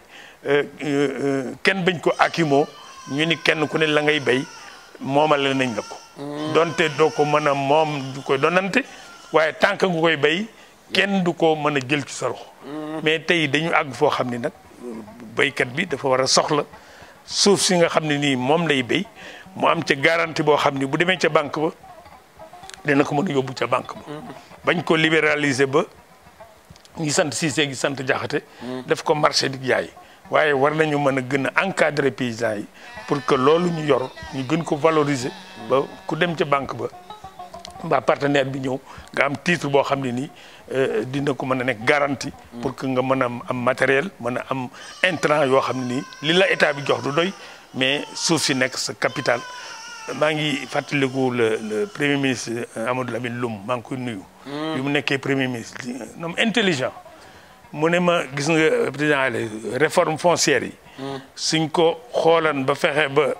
[SPEAKER 2] euh, euh, euh, kenn bañ ko akimoo ñu ni kenn ku ne la ngay bay moomale nañ la ko. donte doo ko mën a moom du koy donante waaye tànk nga koy bay kenn du ko mën a jël ci sa mm. mais tey dañu àgg foo xam ni nag. béykat bi dafa war a soxla suuf si nga xam ne nii moom lay béy mu am ca garantie boo xam ni bu demee ca banque ba dina ko mën a yóbbu ca banque ba. bañ koo libéraliser ba ñi sant Cissé gi sant Jaxate def ko marché di jaay waaye war nañu mën a gën a encadrer paysans yi pour que loolu ñu yor ñu gën ko valoriser. ba ku dem ca banque ba. mbaa partenaire bi ñëw nga am titre boo xam ne nii euh, dina ko mën a nekk garantie. pour que nga mën a am matériel mën a am intrant yoo xam ne nii li la état bi jox du doy mais suuf si nekk sa capital. maa ngi fàttaliku le le premier ministre euh, Amadou Lamine Loum maa ngi koy nuyu. Hmm. bi mu nekkee premier ministre noom intelligent mu ne ma gis nga euh, président Allé réforme foncière yi. Hmm. suñ ko xoolan ba fexe ba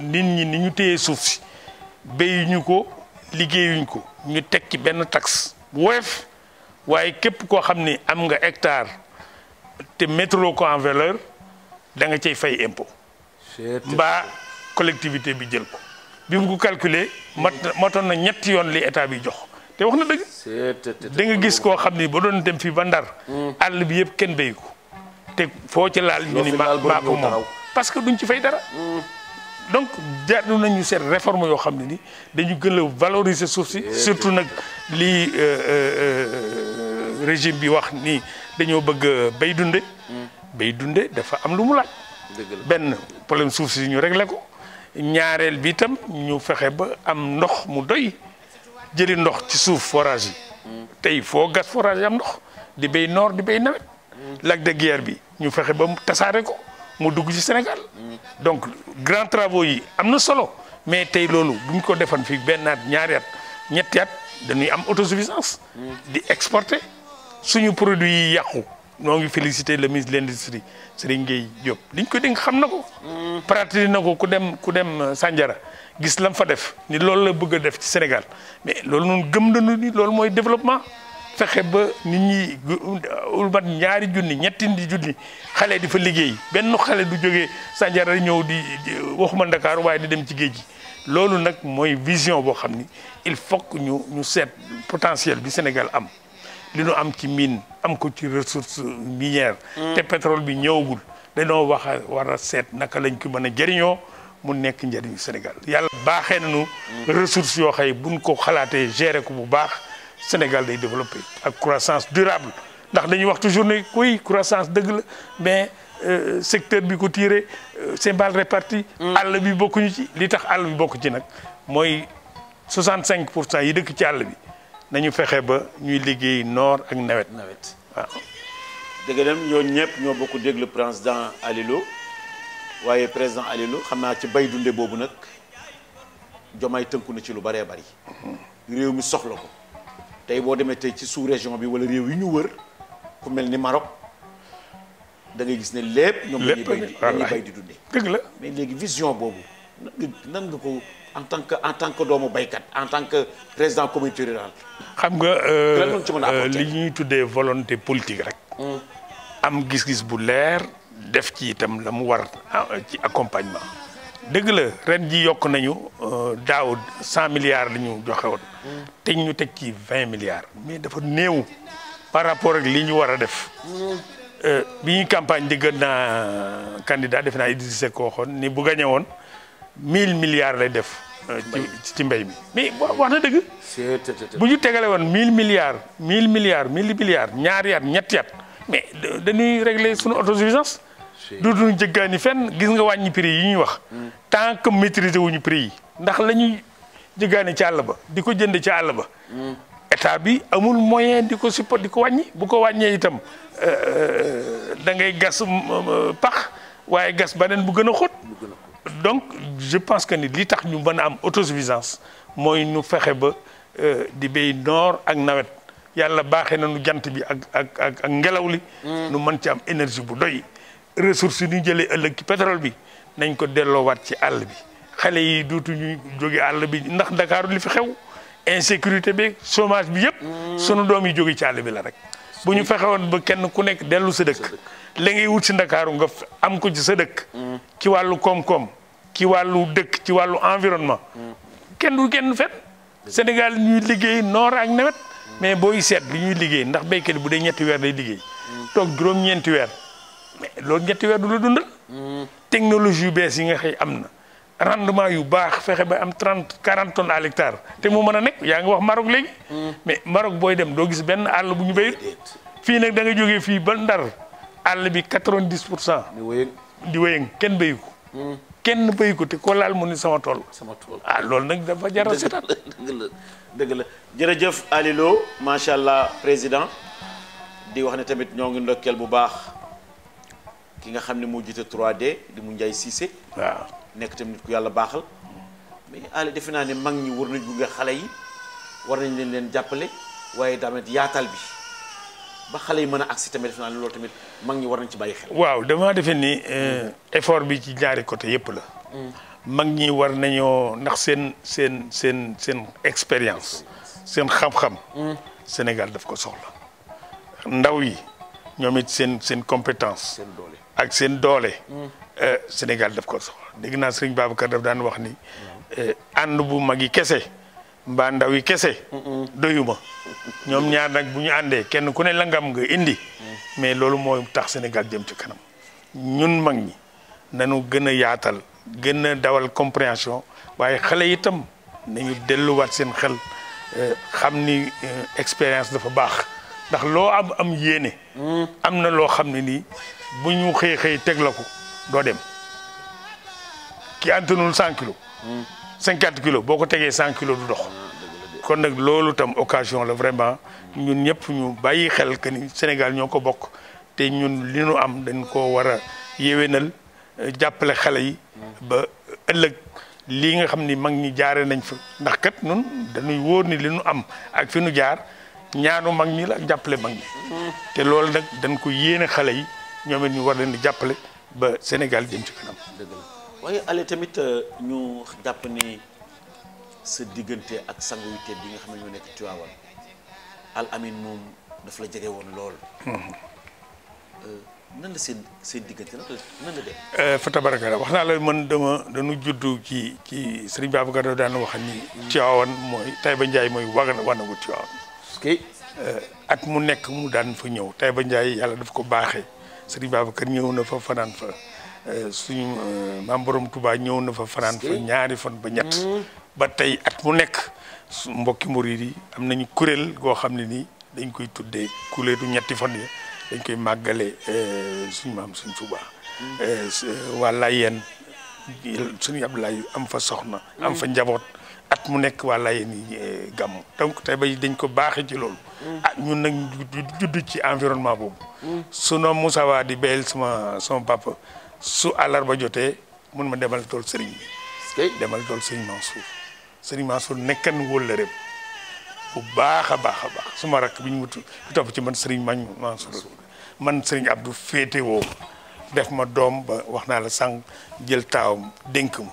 [SPEAKER 2] nit ñi ni ñu téye suuf si béyu ñu ko. liggéeyuñ ko ñu teg ci benn taxe bu woyof waaye képp koo xam ni am nga hectare te mettre ko en valeur da nga cay fay impôt mbaa collectivité bi jël ko bi mu ko calculer mat matoon na ñetti yoon li état bi jox te wax na dëgg danga gis koo xam ni ba doon dem fii ba ndar hmm. àll bi yëpp kenn béy ko te foo ci laal ñu ni maa ko moom parce duñ ci fay dara hmm. donc jaadu nañu seet réforme yoo xam ne ni dañu gën a valoriser suuf si surtout nag lii euh, euh, euh, régime bi wax ni dañoo bëgg bay dunde hmm. bay dunde dafa am lu mu laaj benn problème suuf si ñu réglé ko ñaareel bi itam ñu fexe ba am ndox mu doy jëli ndox ci suuf forage yi hmm. tey foo gas forage yi am ndox di bay noor di bay nawet hmm. lac de bi ñu fexe ba tasaare ko mu dugg ci Sénégal donc grand travaux yi am na solo mais tey loolu bu ñu ko defan fii benn at ñaari at ñetti at dañuy am autosuffisance di exporter suñu produit yi yàqu noo ngi félicité le ministre de l'industrie Serigne Gueye Diop liñ ko dénk xam na ko pratique na ko ku dem ku dem Sandiara gis lam fa def ni loolu la bëgg a def ci Sénégal mais loolu noonu gëm nañu ni loolu mooy développement fexe ba nit ñi ulbat ñaari junni ñetti junni xale di fa liggéey benn xale du jógee Sandiara ñëw di waxuma Ndakaaru waaye di dem ci géej gi loolu nag mooy vision boo xam ni il faut que ñu ñu seet potentiel bi Sénégal am li nu am ci mine am ko ci ressource minière mm. te pétrole bi ñëwagul dañoo wax a war a seet naka lañ ko mën a jëriñoo mu nekk njëriñu Sénégal yàlla baaxee nañu mm. ressource yoo xëy buñ ko xalaatee gere ko bu baax Sénégal day développé ak croissance durable ndax dañuy wax toujours ne oui croissance dëgg la mais euh, secteur bi ko tiire euh, c'est mal réparti. Mm. àll bi bokkuñu ci li tax àll bi bokku ci nag mooy 65 pour cent yi dëkk ci àll bi nañu fexe ba ñuy liggéey noor ak nawet. nawet
[SPEAKER 1] waaw. dëgg dem ñooñu ñëpp ñoo bokk déglu président alilo waaye président Alilou xam naa ci bay dunde boobu nag Diomaye tënku na ci lu bëree bari mm-hmm. réew mi soxla ko. tey boo demee tey ci sous région bi wala réew yi ñu wër ku mel ni Maroc dangay gis ne lépp. ñoom dañuy bay di dañuy bay di dundee. dëgg la mais léegi vision boobu nan nga ko en tant que en tant que doomu baykat en tant que président communauté rurale.
[SPEAKER 2] xam nga euh, euh, li ñuy tuddee volonté politique rek. Hmm. am gis-gis bu leer def ci itam la mu war ah, ci accompagnement. dëgg la ren ji yokk nañu euh, daaw cent milliards la ñu joxe woon te ñu teg ci vingt milliards mais dafa néew par rapport ak li ñu war a def euh, bi ñuy campagne di gën naa candidat defe naa Idrissa Seck waxoon ni bu gañe woon mille milliards lay def euh, ci ci mbéy mi mais wax na dëgg bu ñu tegale woon mille milliards mill milliards mille milliards ñaari at ñetti at mais dañuy régler suñu autosuffisance dootuñu jëggaani fenn gis nga wàññi prix yi ñuy wax mm. tant que maîtriser wuñu prix yi ndax lañuy ñuy jëggaani ci àll ba di ko jënd ci àll ba mm. état bi amul moyen di ko support di ko wàññi bu ko wàññee itam euh, euh, da ngay gas mm, euh, pax waaye gas beneen bu gën a xot donc je pense que ni li tax ñu mën a am autosuffisance mooy nu fexe ba di béy noor ak nawet yàlla baaxe na nu jant bi ak ak ak ngelaw li nu mën ci am énergie bu doy ressources yi ñu jëlee ëllëg ci pétrole bi nañ ko delloowaat ci àll bi xale yi dootuñu jóge àll bi ndax Ndakaaru li fi xew insécurité bi somage bi yëpp. Mm. sunu doom yi jóge ci àll bi la rek. bu ñu fexe woon ba kenn ku nekk dellu sa dëkk. la ngay wut si Ndakaaru nga am ko ci sa dëkk. Mm. ci wàllu koom-koom ci wàllu dëkk ci wàllu environnement. Mm. kenn du kenn fet Sénégal ñuy liggéey noor ak nawet. mais booy seet li ñuy liggéey ndax béykat bu dee ñetti weer day liggéey. toog juróom-ñeenti mais loolu ñetti weer du la dundal. Hmm. technologie yu bees yi nga xëy am na. rendement yu baax fexe ba am trente quarante tonnes à l'hectare te mu mën a nekk yaa ngi wax Maroc léegi. Hmm. mais Maroc booy dem doo gis benn àll bu ñu bay fii nag da nga jógee fii ba Ndar àll bi quatre vingt cent. di wéyëng di wéyëng kenn béyu ko. Hmm. kenn béyu ko te ko laal mu ni sama tool. sama tool
[SPEAKER 1] ah loolu nag dafa jar a seetaat. dëgg la dëgg la jërëjëf Aliou Lo macha allah président di wax ne tamit ñoo ngi ndokkeel bu baax. ki nga xam ne moo jiite 3D di mu Njaay Cissé. waaw nekk tamit nit ku yàlla baaxal. mais Allé defe naa ne mag ñi war nañ gunge xale yi war nañ leen leen jàppale waaye tamit yaatal bi ba xale yi mën a agsi tamit defe naa ne loolu tamit mag ñi war nañ ci bàyyi xel.
[SPEAKER 2] waaw damaa defe ni euh, mm-hmm. effort bi ci ñaari côté yëpp la. Mm-hmm. mag ñi war nañoo ndax seen seen seen seen expérience seen xam-xam. Mm-hmm. Sénégal daf ko soxla. ndaw yi ñoomit seen seen compétence. seen doole ak seen doole. Euh, Sénégal def ko soxla dégg naa sëriñ Babacar daf daan wax ni. Euh, ànd bu mag yi kese mbaa ndaw yi kese. doyuma ñoom ñaar nag bu ñu àndee kenn ku ne la ngam nga indi. mais loolu mooy tax Sénégal jëm ci kanam ñun mag ñi nañu gën a yaatal gën a dawal compréhension waaye xale itam nañu delluwaat seen xel euh, xam ni expérience dafa baax ndax loo am am yéene. Hmm. am na loo xam ne nii. bu ñu xëy xëy teg ko doo dem ki antanul cent kilo hmm. cinquante kilos boo ko tegee cent kilos du dox kon nag loolu tam occasion la vraiment ñun ñëpp ñu bàyyi xel que ni Sénégal ñoo ko bokk te ñun li nu am dañ ko war a yéwénal euh, jàppale xale yi ba ëllëg lii nga xam ni mag ñi jaare nañ fa ndax kat nun dañuy wóor ni li nu am ak fi nu jaar ñaanu mag ñi la jàppale mag ñi hmm. te loolu nag dañ ko yéene xale yi ñoom it ñu war leen di jàppale ba Sénégal jëm ci kanam.
[SPEAKER 1] dëgg waaye ale tamit euh, ñu jàpp ni sa diggante ak sangu bi nga xam ne ñoo nekk Tivaouane Al Amine moom daf la jege woon lool. Mhm. Euh, nan la diggante nag nan la
[SPEAKER 2] euh, wax naa la man dama dañu juddu ci ci Serigne Babacar da daan wax ni. Mhm. Tivaouane mooy Taïba Ndiaye mooy waga na wanagu Tivaouane. at mu nekk mu daan fa ñëw Taïba Ndiaye yàlla daf ko baaxee. Serigne Babacar ñëw na fa fanaan fa euh, suñu euh, maam borom Touba ñëw na fa fanaan fa ñaari fan ba ñett hmm. ba tey at mu nekk mbokki mbokki murid yi am nañu kuréel goo xam ne nii dañ koy tuddee kuréelu ñetti fan yi dañ koy màggale euh, suñu maam suñ Touba hmm. waa Layeen suñu Abdoulaye am fa soxna am fa hmm. njaboot at mu nekk waa Layeen yi eh, gàmm donc tey bay dañ ko baaxee ci loolu mm. ah ñun nag judd ci environnement boobu mm. su noom Moussa di béyal suma sama papa su ba jotee mun ma demal tool sëriñ bi demal tool sëriñ Mansour sëriñ Mansour nekkan wóllëre bu baax a baax a baax suma rakk bi ñu wut bi ci man sëriñ Mañ Mansour man sëriñ Abdou féete woo def ma doom ba wax naa la sànq jël taaw dénk ma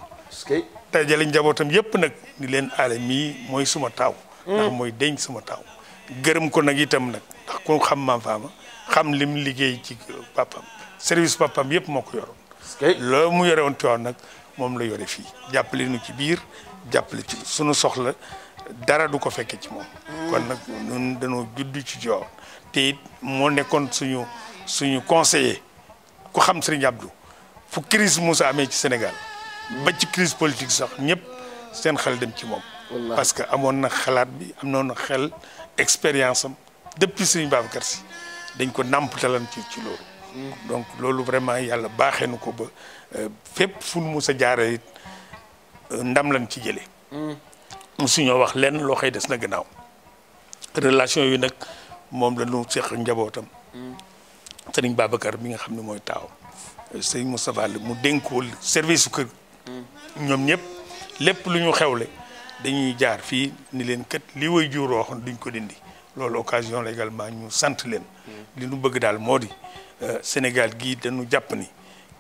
[SPEAKER 2] dajale njabootam yëpp nag ni leen aale mii mooy suma taaw. ndax mooy deñ suma taaw. gërëm ko nag itam nag ndax ku xam maam faama xam lim liggéey ci papam service papam yëpp moo ko yoroon. loolu mu yore woon Tiwaawan nag moom la yore fii jàppale nu ci biir jàppale ci sunu soxla dara du ko fekke ci moom. Hmm. kon dañoo juddu ci Tiwaawan te it moo nekkoon suñu suñu conseiller ku xam Serigne Abdou fu crise musa amee ci Sénégal. ba ci crise politique sax ñëpp seen xel dem ci moom. parce que amoon na xalaat bi amoon na xel expérience am depuis Serigne Babacar si dañ ko nàmpatalan ci ci loolu. Hmm. donc loolu vraiment yàlla baaxee nu ko ba euh, fépp fu mu sa jaaree it euh, ndam lañ ci jëlee. mosuñoo hmm. wax lenn loo xëy des na gannaaw relation yi nag moom la ñu seq njabootam. Hmm. Serigne Babacar bi nga xam ne mooy taaw Serigne sa la mu dénkool service su kër ñoom ñëpp lépp lu ñu xew xewle dañuy jaar fii ni leen kat li way jur waxoon duñ ko dindi loolu occasion la ñu sant leen li nu bëgg daal moo di euh, Sénégal gii dañu jàpp ni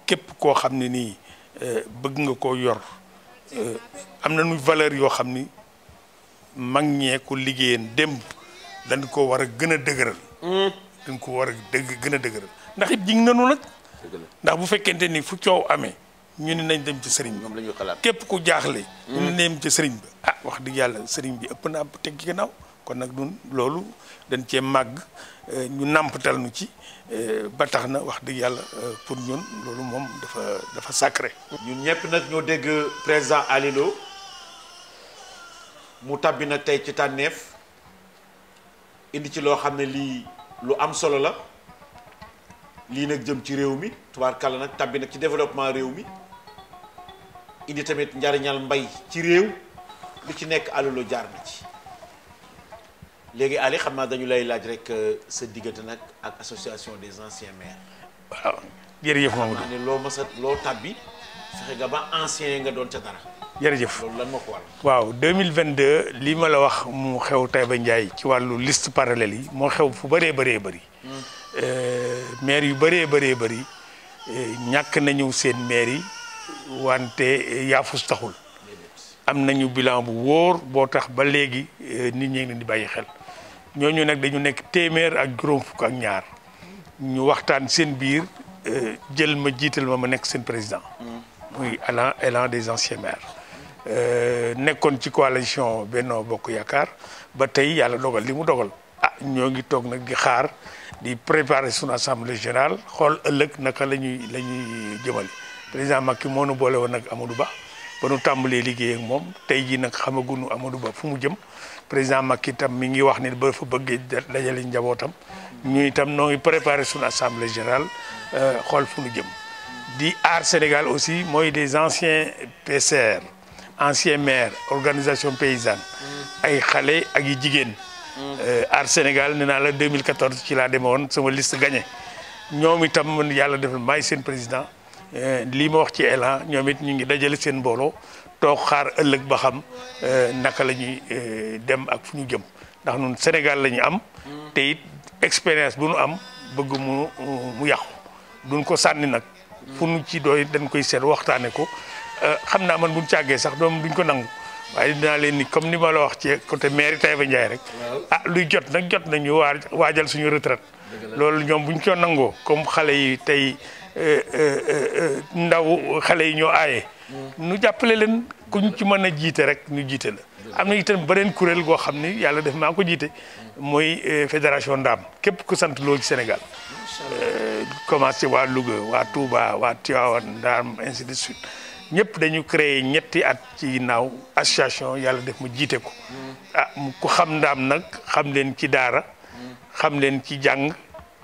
[SPEAKER 2] képp koo xam ne nii euh, bëgg nga koo yor euh, am na nu valeur yoo xam ni mag ñee ko liggéeyeen démb dañ ko war a gën a dëgëral hmm. dañ ko war a dëgg gën a dëgëral ndax it jig nanu nag ndax bu fekkente ni fu coow amee ñu ne nañ dem ci sëriñ bi ñoom la ñuy xalaat képp ku jaaxle. ñu ne mm. nañ dem ci sëriñ bi ah wax dëgg yàlla sëriñ bi ëpp na am teg ci gannaaw kon nag ñun loolu dañ cee màgg eh, ñu nàmpatal nu ci eh, ba tax na wax
[SPEAKER 1] dëgg yàlla eh, pour ñun loolu moom dafa dafa sacré. ñun ñëpp nag ñoo dégg président Alilo mu tàbbi nag tey ci tànneef indi ci loo xam ne lii lu am solo la lii nag jëm ci réew mi tubaarkàlla nag tàbbi nag ci développement réew mi. indi tamit njariñal mbay ci réew lu ci nekk alalu jaar na ci léegi Ali xam naa dañu lay laaj rek euh, sa diggante nag ak association des anciens maires. waaw
[SPEAKER 2] jërëjëf Mamadou
[SPEAKER 1] xam loo tàbbi fexe nga nga doon ca jërëjëf loolu lan moo ko
[SPEAKER 2] waral. waaw 2022 li ma la wax mu xew Taïba Ndiaye ci wàllu liste parallèle yi moo xew fu baree baree bëri. Hmm. Euh, maire yu baree baree bari euh, ñàkk nañu seen maire yi. wante eh, yaafus taxul am nañu bilan bu wóor boo tax ba léegi eh, nit ñi ngi di bàyyi xel ñoo ñu nekk dañu nekk téeméer ak juróom fukk ak ñaar ñu waxtaan seen biir eh, jël ma jiital ma ma nekk seen président muy élan élan des anciens maires nekkoon ci coalition Benno Bokk Yaakaar ba tey yàlla dogal li mu dogal ah ñoo ngi toog nag di xaar di préparer suñu assemblée générale xool ëllëg naka la ñuy la ñuy jëmale président Macky moo nu boole woon nag Amadou Ba ba nu tàmbalee liggéey moom tey jii nag xamaguñu Amadou Ba fu mu jëm président Macky itam mi ngi wax ni ba fa bëggee dajale njabootam ñu itam noo ngi préparé suñu assemblée générale euh, xool fu mu jëm. di aar Sénégal aussi mooy des anciens PCR anciens maires organisation paysanne ay xale ak yu jigéen. Euh, aar Sénégal ne naa la 2014 ci laa demoon sama list gagné ñoom itam yàlla defal maay seen président. Eh, lii ma wax ci Elan ñoom it ñu ngi dajale seen mbooloo toog xaar ëllëg ba xam eh, naka la ñuy eh, dem ak fu ñu jëm ndax nun Sénégal lañu am teyit it expérience bu nu am bëgg mu mu yàqu duñ ko sànni nag fu nu ci doy dañ koy seen waxtaane ko xam naa man buñ càggee sax doom duñ ko nangu waaye dinaa leen ni comme ni ma wax ci côté mairie Taïba Ndiaye rek ah luy jot nag jot nañu waajal suñu retraite lool ñoom buñ ko nangoo comme xale yi tey ndaw xale yi ñoo aaye. nu jàppale leen kuñ ci mën a jiite rek ñu jiite la. am na itam beneen kuréel goo xam ni yàlla def maa ko jiite. mooy euh, fédération Ndaam képp ku sant loolu ci Sénégal. Euh, commencé waa Louga waa tuuba waa Tivaouane Ndaam ainsi de suite ñëpp dañu créer ñetti at ci naaw association yàlla def mu jiite ko. Mm. ah ku xam Ndaam nag xam leen ci daara. Mm. xam leen ci jàng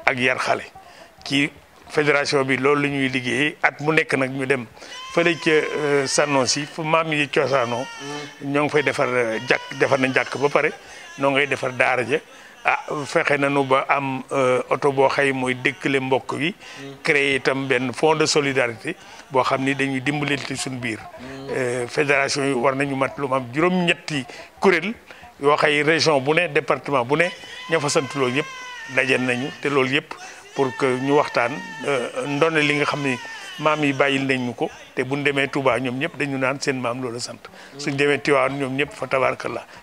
[SPEAKER 2] ak yar xale ci fédération bi loolu la ñuy liggéeyee at mu nekk nag ñu dem fële ca euh, sànnoon si fu maam yi coosaanoo ñoo ngi fay defar euh, jàkk defar na njàkk ba pare noo ngay defar daara ja ah fexe nañu ba am euh, oto boo xay mooy dëkkale mbokk bi créer itam benn fonds de solidarité boo xam ni dañuy dimbalante suñu biir fédération yi war nañu mat lu am juróom-ñetti kuréel yoo xay région bu ne département bu ne ña fa sant loolu yëpp daje nañu te loolu yëpp pour que ñu waxtaan euh, ndone li nga xam ni maam yi bàyyil nañ ñu ko te bu ñu demee Touba ñoom ñëpp dañu naan seen maam loolu sant suñ demee Tivaouane ñoom ñëpp fa la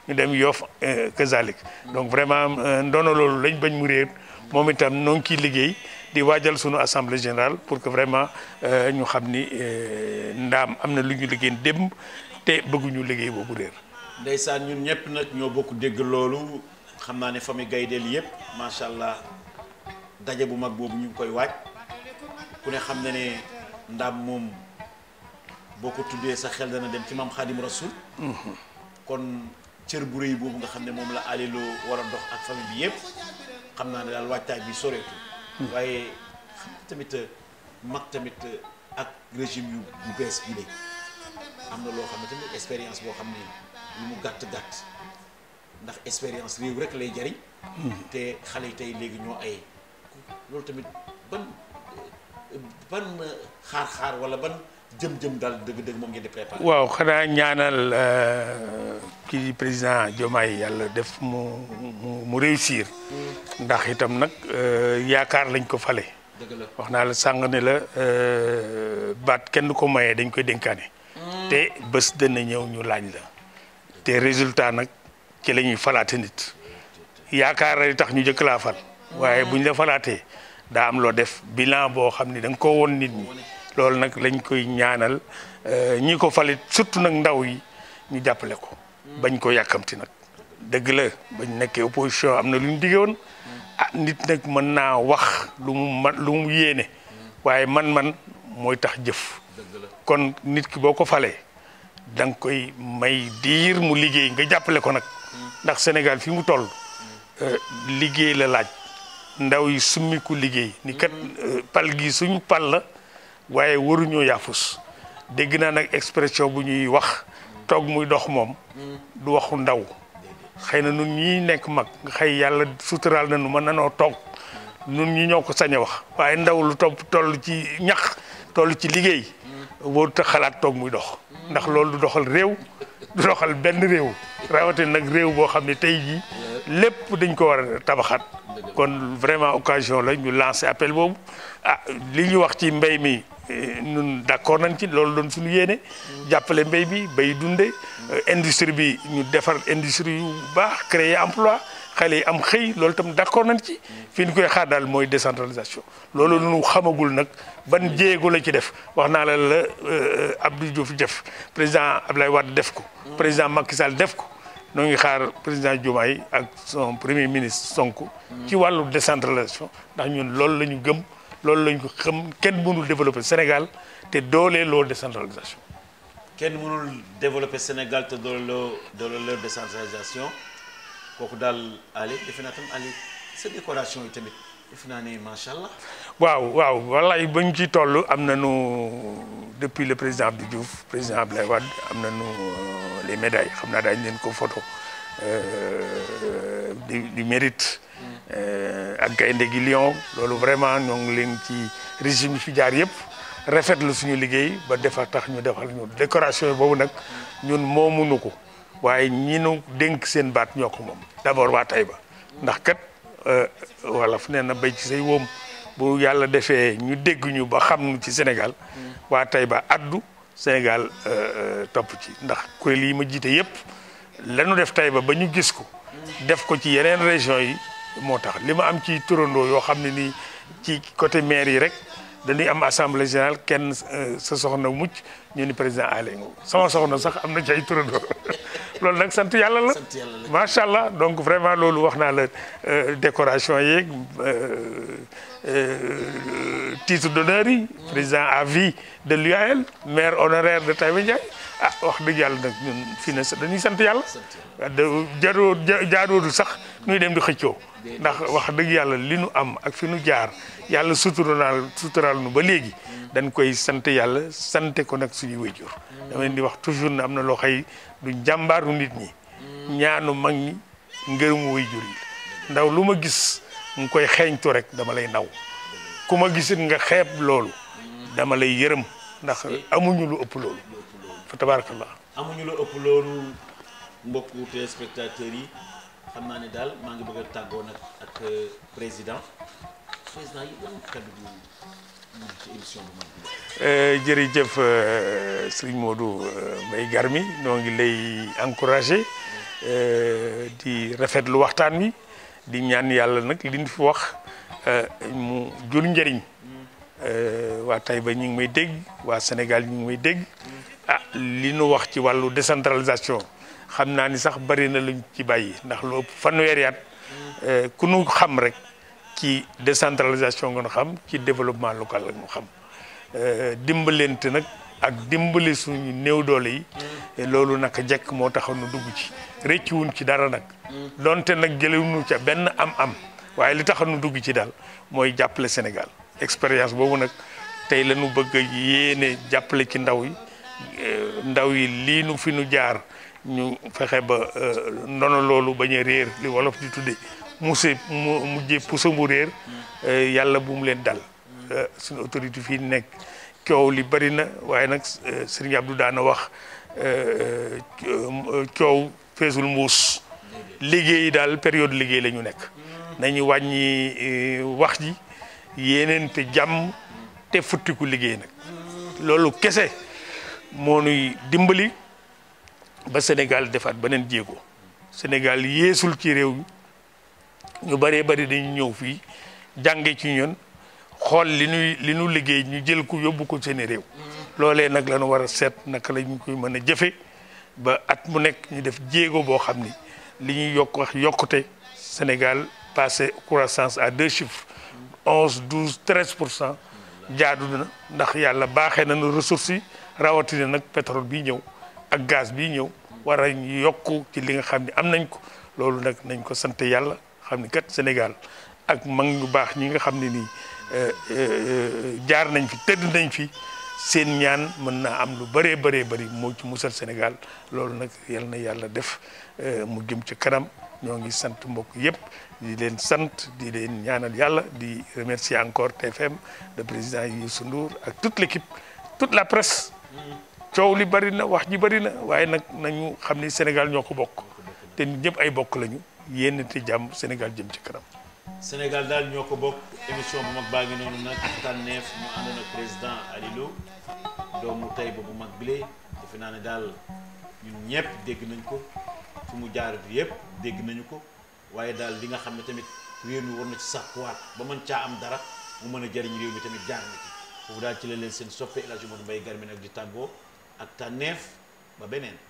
[SPEAKER 2] ñu dem Yoff euh, kazalik donc vraiment euh, ndono loolu lañ bañ mu réer moom itam noo ngi liggéey di waajal sunu assemblée générale pour que vraiment ñu xam ni ndaam am na lu ñu liggéey démb te bëgguñu liggéey boobu réer.
[SPEAKER 1] ndeysaan ñun ñëpp nag ñoo bokk dégg loolu xam naa ne famille Gaydel yëpp macha allah. daje bu mag boobu ñu ngi koy waaj ku ne xam ne ne ndaam moom boo ko tuddee sa xel dana dem ci maam Xaadim Rasul mhm. kon cër bu rëy boobu nga xam ne moom la alilo war a dox ak famille bi yëpp xam naa ne daal waajtaay bi soreetu hmm. waaye xam tamit mag tamit ak régime yu bu bees bi am na loo xam ne tamit expérience boo xam ne lu mu gàtt gàtt ndax expérience réew rek lay jariñ hmm. te xale yi tey léegi ñoo ay loolu tamit ban ban wala ban jëm-jëm daal dëgg-dëgg waaw
[SPEAKER 2] xanaa ñaanal euh, kii di président Diomaye yàlla def mu mu mu réussir. Hmm. ndax itam nag euh, yaakaar lañ ko fale. wax naa la sàng ne la euh, baat kenn ko mayee dañ koy dénkaane. Hmm. te bés dana ñëw ñu laaj la. te résultat nag ci lañuy falaate nit. Hmm. yaakaar la tax ñu jëkk laa fal. waaye buñ la falaatee. daa am loo def bilan boo xam ni da nga ko woon nit ñi loolu nag lañ koy ñaanal euh, ñi ko falit surtout nag ndaw yi ñu jàppale ko bañ ko yàkkamti nag dëgg la bañ nekkee opposition am na lu ñu digge woon ah nit nag mën naa wax lu mu man yéene waaye man-man mooy tax jëf kon nit ki boo ko falee da nga koy may diir mu liggéey nga jàppale ko nag hmm. ndax Sénégal fi mu toll euh, liggéey la laaj ndaw yi summiku liggéey ni kat euh, pal gi suñ pal la waaye waruñoo yaafus dégg naa nag expression bu ñuy wax toog muy dox moom du waxu ndaw xëy na nun ñi nekk mag nga xëy yàlla suturaal na nu mën nanoo toog nun ñi ñoo ko sañ a wax waaye ndaw lu topp toll ci ñax toll ci liggéey warut a xalaat toog muy dox ndax loolu du doxal réew du doxal benn réew rawatina nag réew boo xam ne tey jii lépp dañ ko war a tabaxaat kon vraiment occasion la ñu lancer appel boobu ah li ñu wax ci mbéy mi eh, ñun d'accord nañ ci loolu doon suñu yéene jàppale mbéy bi bay dunde eh, industrie bi ñu defar industrie yu baax créer emploi xale yi am xëy loolu itam d'accord nañ ci fi ñu koy xaar daal mooy décentralisation loolu nu xamagul nag ban jéego la ci def wax naa la la euh, Abdou Diouf def président Abdoulaye Wade def ko président Macky Sall def ko noo ngi xaar président Diomaye ak son premier ministre Sonko ci wàllu décentralisation ndax ñun loolu la ñu gëm loolu la ñu xam kenn mënul développer Sénégal te doolee loo décentralisation
[SPEAKER 1] kenn mënul développer Sénégal te doole loo doole loo décentralisation kooku daal Ali defe naa tam Ali sa décoration yi tamit defe naa ne macha allah.
[SPEAKER 2] waaw waaw wallaay ba ñu ciy toll am na nañu depuis le président Abdou Diouf président Abdoulaye Wade am nañu euh, les médailles xam naa daañu leen ko photo euh, du du mérite. Euh, ak gaynde gi Lion loolu vraiment ñoo ngi leen ci régime fi jaar yëpp la suñu liggéey ba defar tax ñu defal ñu décoration boobu nag ñun moomuñu ko. waaye ñi nu dénk seen baat ñoo ko moom d'abord waa Taïba ndax kat euh, wala fu nee na béy ci say wóom bu yàlla defee ñu dégg ba xam ci Sénégal mm. waa Taïba addu Sénégal euh, euh, topp ci ndax kuréel yi ma jiite yëpp lañu def Taïba ba ba ñu gis ko mm. def ko ci yeneen région yi moo tax li ma am ci turandoo yoo xam ne nii ci côté maire yi rek dañuy am assemblée générale kenn sa soxna mucc ñu ni président Aly Ngouille sama soxna sax am na ci ay turandoo loolu nag sant yàlla la macha allah donc vraiment loolu wax naa la euh, décoration yeeg euh, euh, titre d'honneur yi président à vie de l'UAL maire honoraire de Taïba Ndiaye ah wax dëgg yàlla nag ñun fii dañuy sant yàlla jaroo jaadoodul sax ñuy dem di xëccoo ndax wax dëgg yàlla li nu am ak fi nu jaar yàlla suturaal suturaal nu ba léegi dañ koy sant yàlla sante ko nag suñu wéjur dama leen di wax toujours na am na loo xëy du jàmbaaru nit ñi ñaanu mag ñi ngërëmu wéjur yi ndaw lu ma gis nga koy xeeñtu rek dama lay naw ku ma gisit nga xeeb loolu dama lay yërëm ndax amuñu lu ëpp loolu fa tabarakallah
[SPEAKER 1] amuñu lu ëpp loolu mbokku téléspectateurs yi xam naa ne daal maa ngi bëgg a tàggoo nag ak euh, président
[SPEAKER 2] Euh, jërëjëf moodu euh, Modou euh, Mbaye Garmi ñoo ngi lay encouragé di rafetlu waxtaan wi di ñaan yàlla nag liñ fi wax mu jur njëriñ waa ba ñu ngi may dégg waa Sénégal ñu ngi may dégg ah li nu wax ci wàllu décentralisation xam naa ni sax bari na luñ ci bàyyi ndax lu ëpp fanweeri ku nu xam rek. ci décentralisation nga xam ci développement local la ñu xam euh, dimbalante nag ak dimbali suñu néew doole yi. Mm. loolu nag a jekk moo taxaw nu dugg ci rëccuwuñ ci dara nag. Mm. donte nag jëlewuñu ca benn am-am waaye li taxaw nu dugg ci daal mooy jàppale Sénégal expérience boobu nag tey la ñu bëgg yéene jàppale ci ndaw yi euh, ndaw yi lii nu fi nu jaar ñu fexe ba euh, ndono loolu bañ a réer li wolof di tudde muse mu mujjee puso mu réer eh, yàlla bu mu leen dal eh, suñu autorité fii nekk coow li bari na waaye nag eh, Serigne Abdou daana wax coow feesul mbuus liggéey daal période liggéey lañu nekk nañu wàññi wax ji yéeneen te jàmm te futtiku liggéey nag loolu kese moo nuy dimbali ba Sénégal defaat beneen jéego Sénégal yéesul ci réew mi ñu bëree bëri dañu ñëw fii jànge ci ñun xool li ñuy li ñu liggéey ñu jël ko yóbbu ko seeni réew loolee nag la ñu war a seet naka la ñu koy mën a jëfe ba at mu nekk ñu def jéego boo xam ni li ñuy yokk wax yokkute Sénégal passé croissance à deux chiffres onze douze treize pour cent jaadu na ndax yàlla baaxee nañu ressource yi rawatina nag pétrole bi ñëw ak gaz bi ñëw war a yokk ci li nga xam ni am nañ ko loolu nag nañ ko sant yàlla xam ne kat Sénégal ak mag ñu baax ñi nga xam ne nii euh, euh, jaar nañ fi tëdd nañ fi seen ñaan mën naa am lu bëree bëree bari moo ci musal Sénégal loolu nag yal na yàlla def euh, mu jëm ci kanam ñoo ngi sant mbokk yëpp di leen sant di leen ñaanal yàlla di remercier encore TFM le président yi Ndour ak toute l'équipe toute la presse coow li bëri na wax ji bëri na waaye nag nañu xam ni Sénégal ñoo ko bokk te ñëpp ay bokk lañu yéenante jàmm Sénégal jëm ci kanam.
[SPEAKER 1] Sénégal daal ñoo ko bokk émission bu mag baa ngi noonu nag tànneef mu àndoon ak président Aliou Lo doomu tey ba bu mag bile defe naa ne daal ñun ñëpp dégg nañ ko fu mu jaar bi yëpp dégg nañu ko waaye daal li nga xam ne tamit réew mi war na ci sàkkuwaat ba mën caa am dara mu mën a jëriñ réew mi tamit jaar na ci foofu daal ci la leen seen soppe El Hadj Modou Mbaye Garmi nag di tàggoo ak tànneef ba beneen.